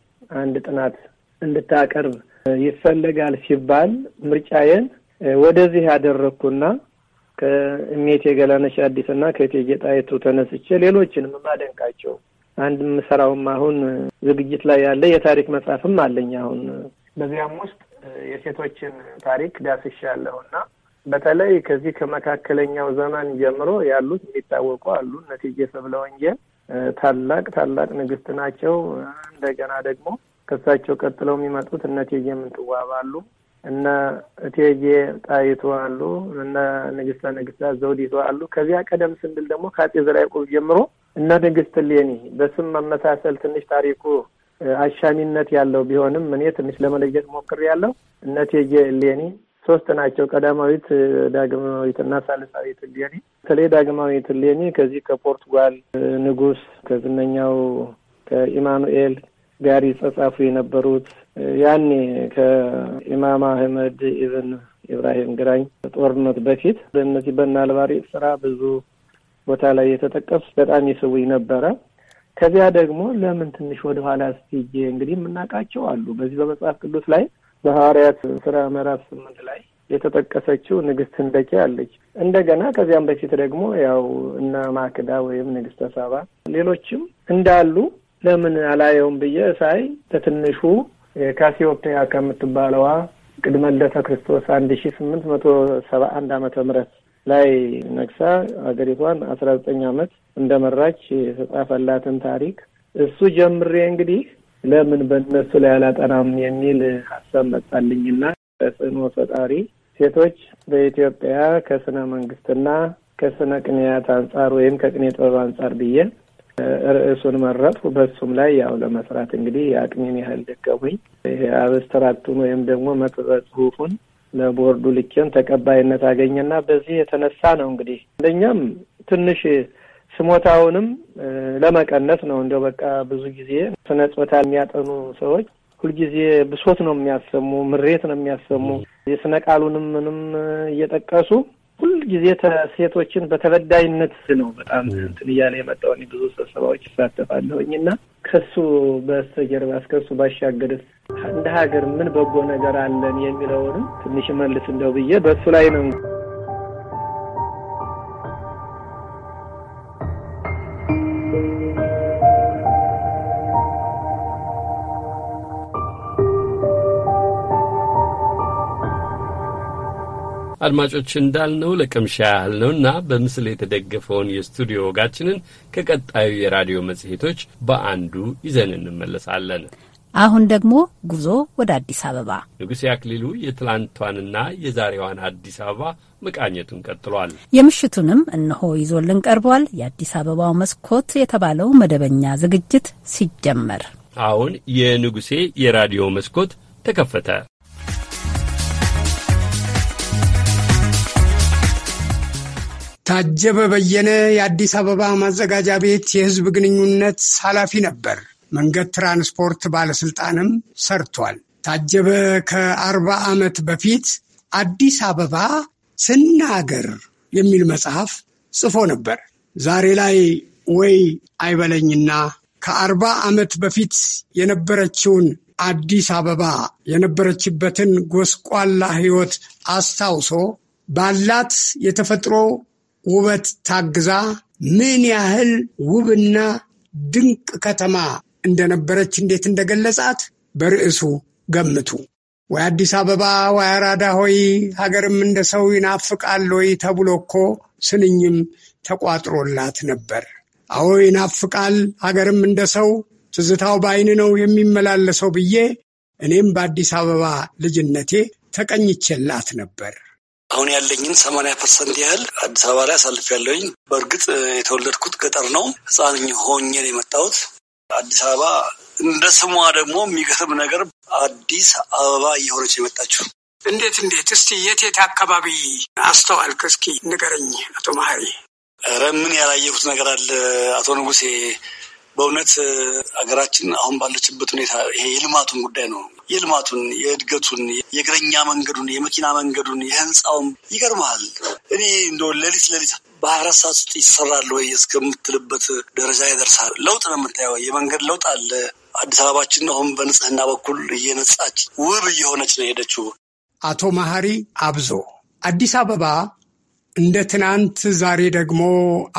አንድ ጥናት እንድታቀርብ ይፈለጋል ሲባል ምርጫዬን ወደዚህ ያደረግኩና ከእሜቴ ገላነሽ አዲስና ከእቴጌ ጣይቱ ተነስቼ ሌሎችንም የማደንቃቸው አንድ የምሰራውም አሁን ዝግጅት ላይ ያለ የታሪክ መጽሐፍም አለኝ። አሁን በዚያም ውስጥ የሴቶችን ታሪክ ያለሁና በተለይ ከዚህ ከመካከለኛው ዘመን ጀምሮ ያሉት የሚታወቁ አሉ። እቴጌ ሰብለ ወንጌል ታላቅ ታላቅ ንግስት ናቸው። እንደገና ደግሞ ከሳቸው ቀጥለው የሚመጡት እነ እቴጌ ምንትዋብ አሉ፣ እነ እቴጌ ጣይቱ አሉ፣ እነ ንግስተ ነገስታት ዘውዲቱ አሉ። ከዚያ ቀደም ስንል ደግሞ ከአጼ ዘርዓ ያዕቆብ ጀምሮ እነ ንግስት እሌኒ በስም መመሳሰል ትንሽ ታሪኩ አሻሚነት ያለው ቢሆንም እኔ ትንሽ ለመለየት ሞክሬያለሁ። እነ እቴጌ እሌኒ ሶስት ናቸው። ቀዳማዊት፣ ዳግማዊትና ሳልሳዊት እሌኒ። በተለይ ዳግማዊት እሌኒ ከዚህ ከፖርቱጋል ንጉስ ከዝነኛው ከኢማኑኤል ጋር ይጸጻፉ የነበሩት ያኔ ከኢማም አህመድ ኢብን ኢብራሂም ግራኝ ጦርነት በፊት በእነዚህ በናልባሪ ስራ ብዙ ቦታ ላይ የተጠቀሱ በጣም ይስውኝ ነበረ። ከዚያ ደግሞ ለምን ትንሽ ወደኋላ ኋላ እንግዲህ የምናውቃቸው አሉ በዚህ በመጽሐፍ ቅዱስ ላይ በሐዋርያት ስራ ምዕራፍ ስምንት ላይ የተጠቀሰችው ንግስት ህንደኬ አለች። እንደገና ከዚያም በፊት ደግሞ ያው እነ ማክዳ ወይም ንግስተ ሳባ ሌሎችም እንዳሉ ለምን አላየውም ብዬ ሳይ በትንሹ የካሲዮፕያ ከምትባለዋ ቅድመ ልደተ ክርስቶስ አንድ ሺ ስምንት መቶ ሰባ አንድ ዓመተ ምህረት ላይ ነግሳ ሀገሪቷን አስራ ዘጠኝ አመት እንደመራች የተጻፈላትን ታሪክ እሱ ጀምሬ እንግዲህ ለምን በእነሱ ላይ አላጠናም የሚል ሀሳብ መጣልኝና ተጽዕኖ ፈጣሪ ሴቶች በኢትዮጵያ ከስነ መንግስትና ከስነ ቅንያት አንጻር ወይም ከቅኔ ጥበብ አንጻር ብዬ ርዕሱን መረጥኩ። በሱም ላይ ያው ለመስራት እንግዲህ የአቅሜን ያህል ደከሙኝ። ይሄ አብስትራክቱን ወይም ደግሞ መክበብ ጽሁፉን ለቦርዱ ልኬን ተቀባይነት አገኘና በዚህ የተነሳ ነው እንግዲህ አንደኛም ትንሽ ስሞታውንም ለመቀነስ ነው። እንደው በቃ ብዙ ጊዜ ስነ ጾታ የሚያጠኑ ሰዎች ሁልጊዜ ብሶት ነው የሚያሰሙ፣ ምሬት ነው የሚያሰሙ። የስነ ቃሉንም ምንም እየጠቀሱ ሁልጊዜ ሴቶችን በተበዳይነት ነው በጣም እንትን እያለ የመጣው። እኔ ብዙ ስብሰባዎች ይሳተፋለሁኝ እና ከሱ በስተጀርባ እስከሱ ባሻገርስ እንደ ሀገር ምን በጎ ነገር አለን የሚለውንም ትንሽ መልስ እንደው ብዬ በእሱ ላይ ነው አድማጮች እንዳልነው ለቅምሻ ያህል ነውና በምስል የተደገፈውን የስቱዲዮ ወጋችንን ከቀጣዩ የራዲዮ መጽሔቶች በአንዱ ይዘን እንመለሳለን። አሁን ደግሞ ጉዞ ወደ አዲስ አበባ። ንጉሴ አክሊሉ የትላንቷንና የዛሬዋን አዲስ አበባ መቃኘቱን ቀጥሏል። የምሽቱንም እነሆ ይዞልን ቀርቧል። የአዲስ አበባው መስኮት የተባለው መደበኛ ዝግጅት ሲጀመር አሁን የንጉሴ የራዲዮ መስኮት ተከፈተ። ታጀበ በየነ የአዲስ አበባ ማዘጋጃ ቤት የሕዝብ ግንኙነት ኃላፊ ነበር። መንገድ ትራንስፖርት ባለስልጣንም ሰርቷል። ታጀበ ከአርባ ዓመት በፊት አዲስ አበባ ስናገር የሚል መጽሐፍ ጽፎ ነበር። ዛሬ ላይ ወይ አይበለኝና ከአርባ ዓመት በፊት የነበረችውን አዲስ አበባ የነበረችበትን ጎስቋላ ሕይወት አስታውሶ ባላት የተፈጥሮ ውበት ታግዛ ምን ያህል ውብና ድንቅ ከተማ እንደነበረች እንዴት እንደገለጻት በርዕሱ ገምቱ። ወይ አዲስ አበባ ወይ አራዳ ሆይ ሀገርም እንደ ሰው ይናፍቃል ወይ ተብሎ እኮ ስንኝም ተቋጥሮላት ነበር። አዎ ይናፍቃል፣ ሀገርም እንደ ሰው ትዝታው በአይን ነው የሚመላለሰው ብዬ እኔም በአዲስ አበባ ልጅነቴ ተቀኝቼላት ነበር። አሁን ያለኝን ሰማንያ ፐርሰንት ያህል አዲስ አበባ ላይ አሳልፍ ያለውኝ። በእርግጥ የተወለድኩት ገጠር ነው። ህፃን ሆኜ ነው የመጣሁት። አዲስ አበባ እንደ ስሟ ደግሞ የሚገርም ነገር አዲስ አበባ እየሆነች የመጣችው። እንዴት እንዴት? እስቲ የት የት አካባቢ አስተዋልክ? እስኪ ንገረኝ አቶ መሀሪ። ኧረ ምን ያላየሁት ነገር አለ አቶ ንጉሴ። በእውነት ሀገራችን አሁን ባለችበት ሁኔታ ይሄ የልማቱን ጉዳይ ነው። የልማቱን፣ የእድገቱን፣ የእግረኛ መንገዱን፣ የመኪና መንገዱን፣ የህንፃውን ይገርመሃል። እኔ እንደ ሌሊት ሌሊት በሀያ ሰዓት ውስጥ ይሰራል ወይ እስከምትልበት ደረጃ ይደርሳል። ለውጥ ነው የምታየው። የመንገድ ለውጥ አለ። አዲስ አበባችን አሁን በንጽህና በኩል እየነጻች ውብ እየሆነች ነው የሄደችው። አቶ መሐሪ አብዞ አዲስ አበባ እንደ ትናንት ዛሬ ደግሞ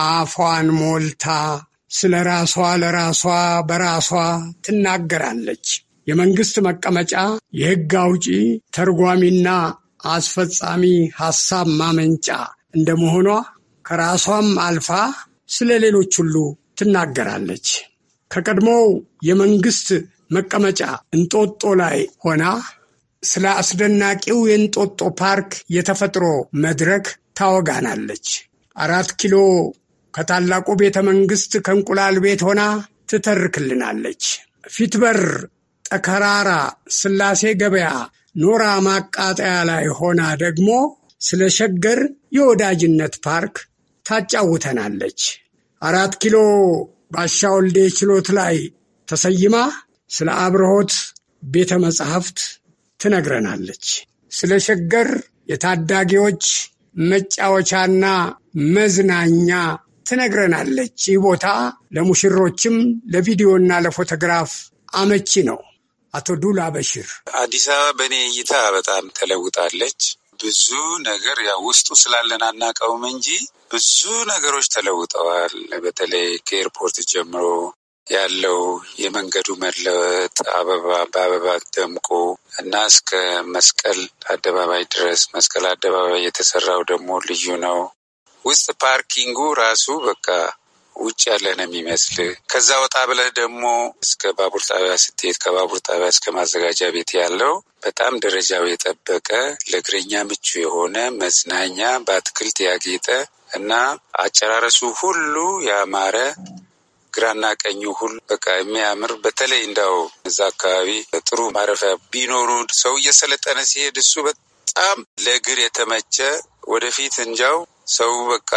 አፏን ሞልታ ስለ ራሷ ለራሷ በራሷ ትናገራለች። የመንግስት መቀመጫ፣ የህግ አውጪ ተርጓሚና አስፈጻሚ ሐሳብ ማመንጫ እንደመሆኗ ከራሷም አልፋ ስለ ሌሎች ሁሉ ትናገራለች። ከቀድሞው የመንግስት መቀመጫ እንጦጦ ላይ ሆና ስለ አስደናቂው የእንጦጦ ፓርክ የተፈጥሮ መድረክ ታወጋናለች። አራት ኪሎ ከታላቁ ቤተ መንግስት ከእንቁላል ቤት ሆና ትተርክልናለች። ፊትበር ጠከራራ ስላሴ ገበያ ኖራ ማቃጠያ ላይ ሆና ደግሞ ስለ ሸገር የወዳጅነት ፓርክ ታጫውተናለች። አራት ኪሎ ባሻ ወልዴ ችሎት ላይ ተሰይማ ስለ አብርሆት ቤተ መጻሕፍት ትነግረናለች። ስለ ሸገር የታዳጊዎች መጫወቻና መዝናኛ ትነግረናለች። ይህ ቦታ ለሙሽሮችም ለቪዲዮና ለፎቶግራፍ አመቺ ነው። አቶ ዱላ በሽር አዲስ አበባ በእኔ እይታ በጣም ተለውጣለች። ብዙ ነገር ያው ውስጡ ስላለን አናቀውም እንጂ ብዙ ነገሮች ተለውጠዋል። በተለይ ከኤርፖርት ጀምሮ ያለው የመንገዱ መለወጥ አበባ በአበባ ደምቆ እና እስከ መስቀል አደባባይ ድረስ መስቀል አደባባይ የተሰራው ደግሞ ልዩ ነው። ውስጥ ፓርኪንጉ ራሱ በቃ ውጭ ያለ ነው የሚመስል። ከዛ ወጣ ብለህ ደግሞ እስከ ባቡር ጣቢያ ስትሄድ ከባቡር ጣቢያ እስከ ማዘጋጃ ቤት ያለው በጣም ደረጃው የጠበቀ ለእግረኛ ምቹ የሆነ መዝናኛ በአትክልት ያጌጠ እና አጨራረሱ ሁሉ ያማረ ግራና ቀኙ ሁሉ በቃ የሚያምር በተለይ እንዳው እዛ አካባቢ ጥሩ ማረፊያ ቢኖሩ ሰው እየሰለጠነ ሲሄድ እሱ በጣም ለእግር የተመቸ ወደፊት እንጃው ሰው በቃ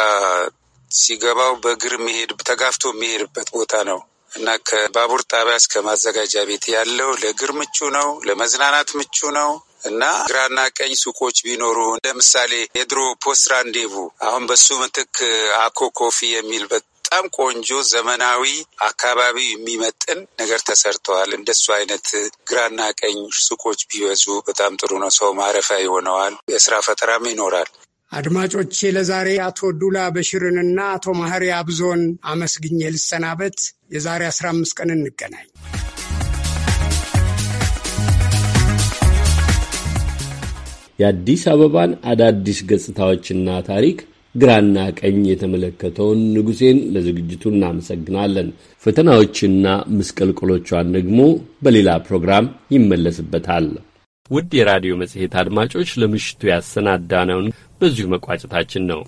ሲገባው በእግር መሄድ ተጋፍቶ የሚሄድበት ቦታ ነው እና ከባቡር ጣቢያ እስከ ማዘጋጃ ቤት ያለው ለእግር ምቹ ነው፣ ለመዝናናት ምቹ ነው። እና ግራና ቀኝ ሱቆች ቢኖሩ ለምሳሌ የድሮ ፖስት ራንዴቭ አሁን በሱ ምትክ አኮ ኮፊ የሚል በጣም ቆንጆ ዘመናዊ አካባቢ የሚመጥን ነገር ተሰርተዋል። እንደሱ አይነት ግራና ቀኝ ሱቆች ቢበዙ በጣም ጥሩ ነው። ሰው ማረፊያ ይሆነዋል። የስራ ፈጠራም ይኖራል። አድማጮቼ ለዛሬ አቶ ዱላ በሽርንና አቶ ማህሪ አብዞን አመስግኜ ልሰናበት። የዛሬ አስራ አምስት ቀን እንገናኝ። የአዲስ አበባን አዳዲስ ገጽታዎችና ታሪክ ግራና ቀኝ የተመለከተውን ንጉሴን ለዝግጅቱ እናመሰግናለን። ፈተናዎችና ምስቅልቅሎቿን ደግሞ በሌላ ፕሮግራም ይመለስበታል። ውድ የራዲዮ መጽሔት አድማጮች ለምሽቱ ያሰናዳነውን በዚሁ መቋጨታችን ነው።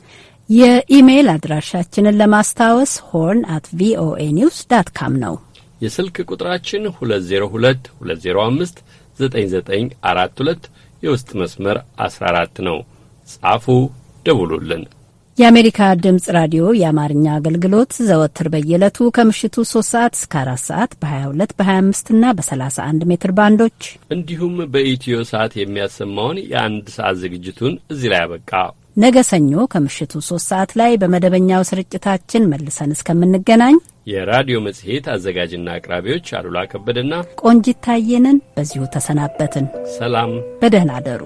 የኢሜይል አድራሻችንን ለማስታወስ ሆርን አት ቪኦኤ ኒውስ ዳት ካም ነው። የስልክ ቁጥራችን 202 205 9942 የውስጥ መስመር 14 ነው። ጻፉ፣ ደውሉልን። የአሜሪካ ድምፅ ራዲዮ የአማርኛ አገልግሎት ዘወትር በየዕለቱ ከምሽቱ 3 ሰዓት እስከ 4 ሰዓት በ22 በ25 እና በ31 ሜትር ባንዶች እንዲሁም በኢትዮ ሰዓት የሚያሰማውን የአንድ ሰዓት ዝግጅቱን እዚህ ላይ አበቃ። ነገ ሰኞ ከምሽቱ ሶስት ሰዓት ላይ በመደበኛው ስርጭታችን መልሰን እስከምንገናኝ የራዲዮ መጽሔት አዘጋጅና አቅራቢዎች አሉላ ከበደና ቆንጂት ታየንን በዚሁ ተሰናበትን። ሰላም፣ በደህና አደሩ።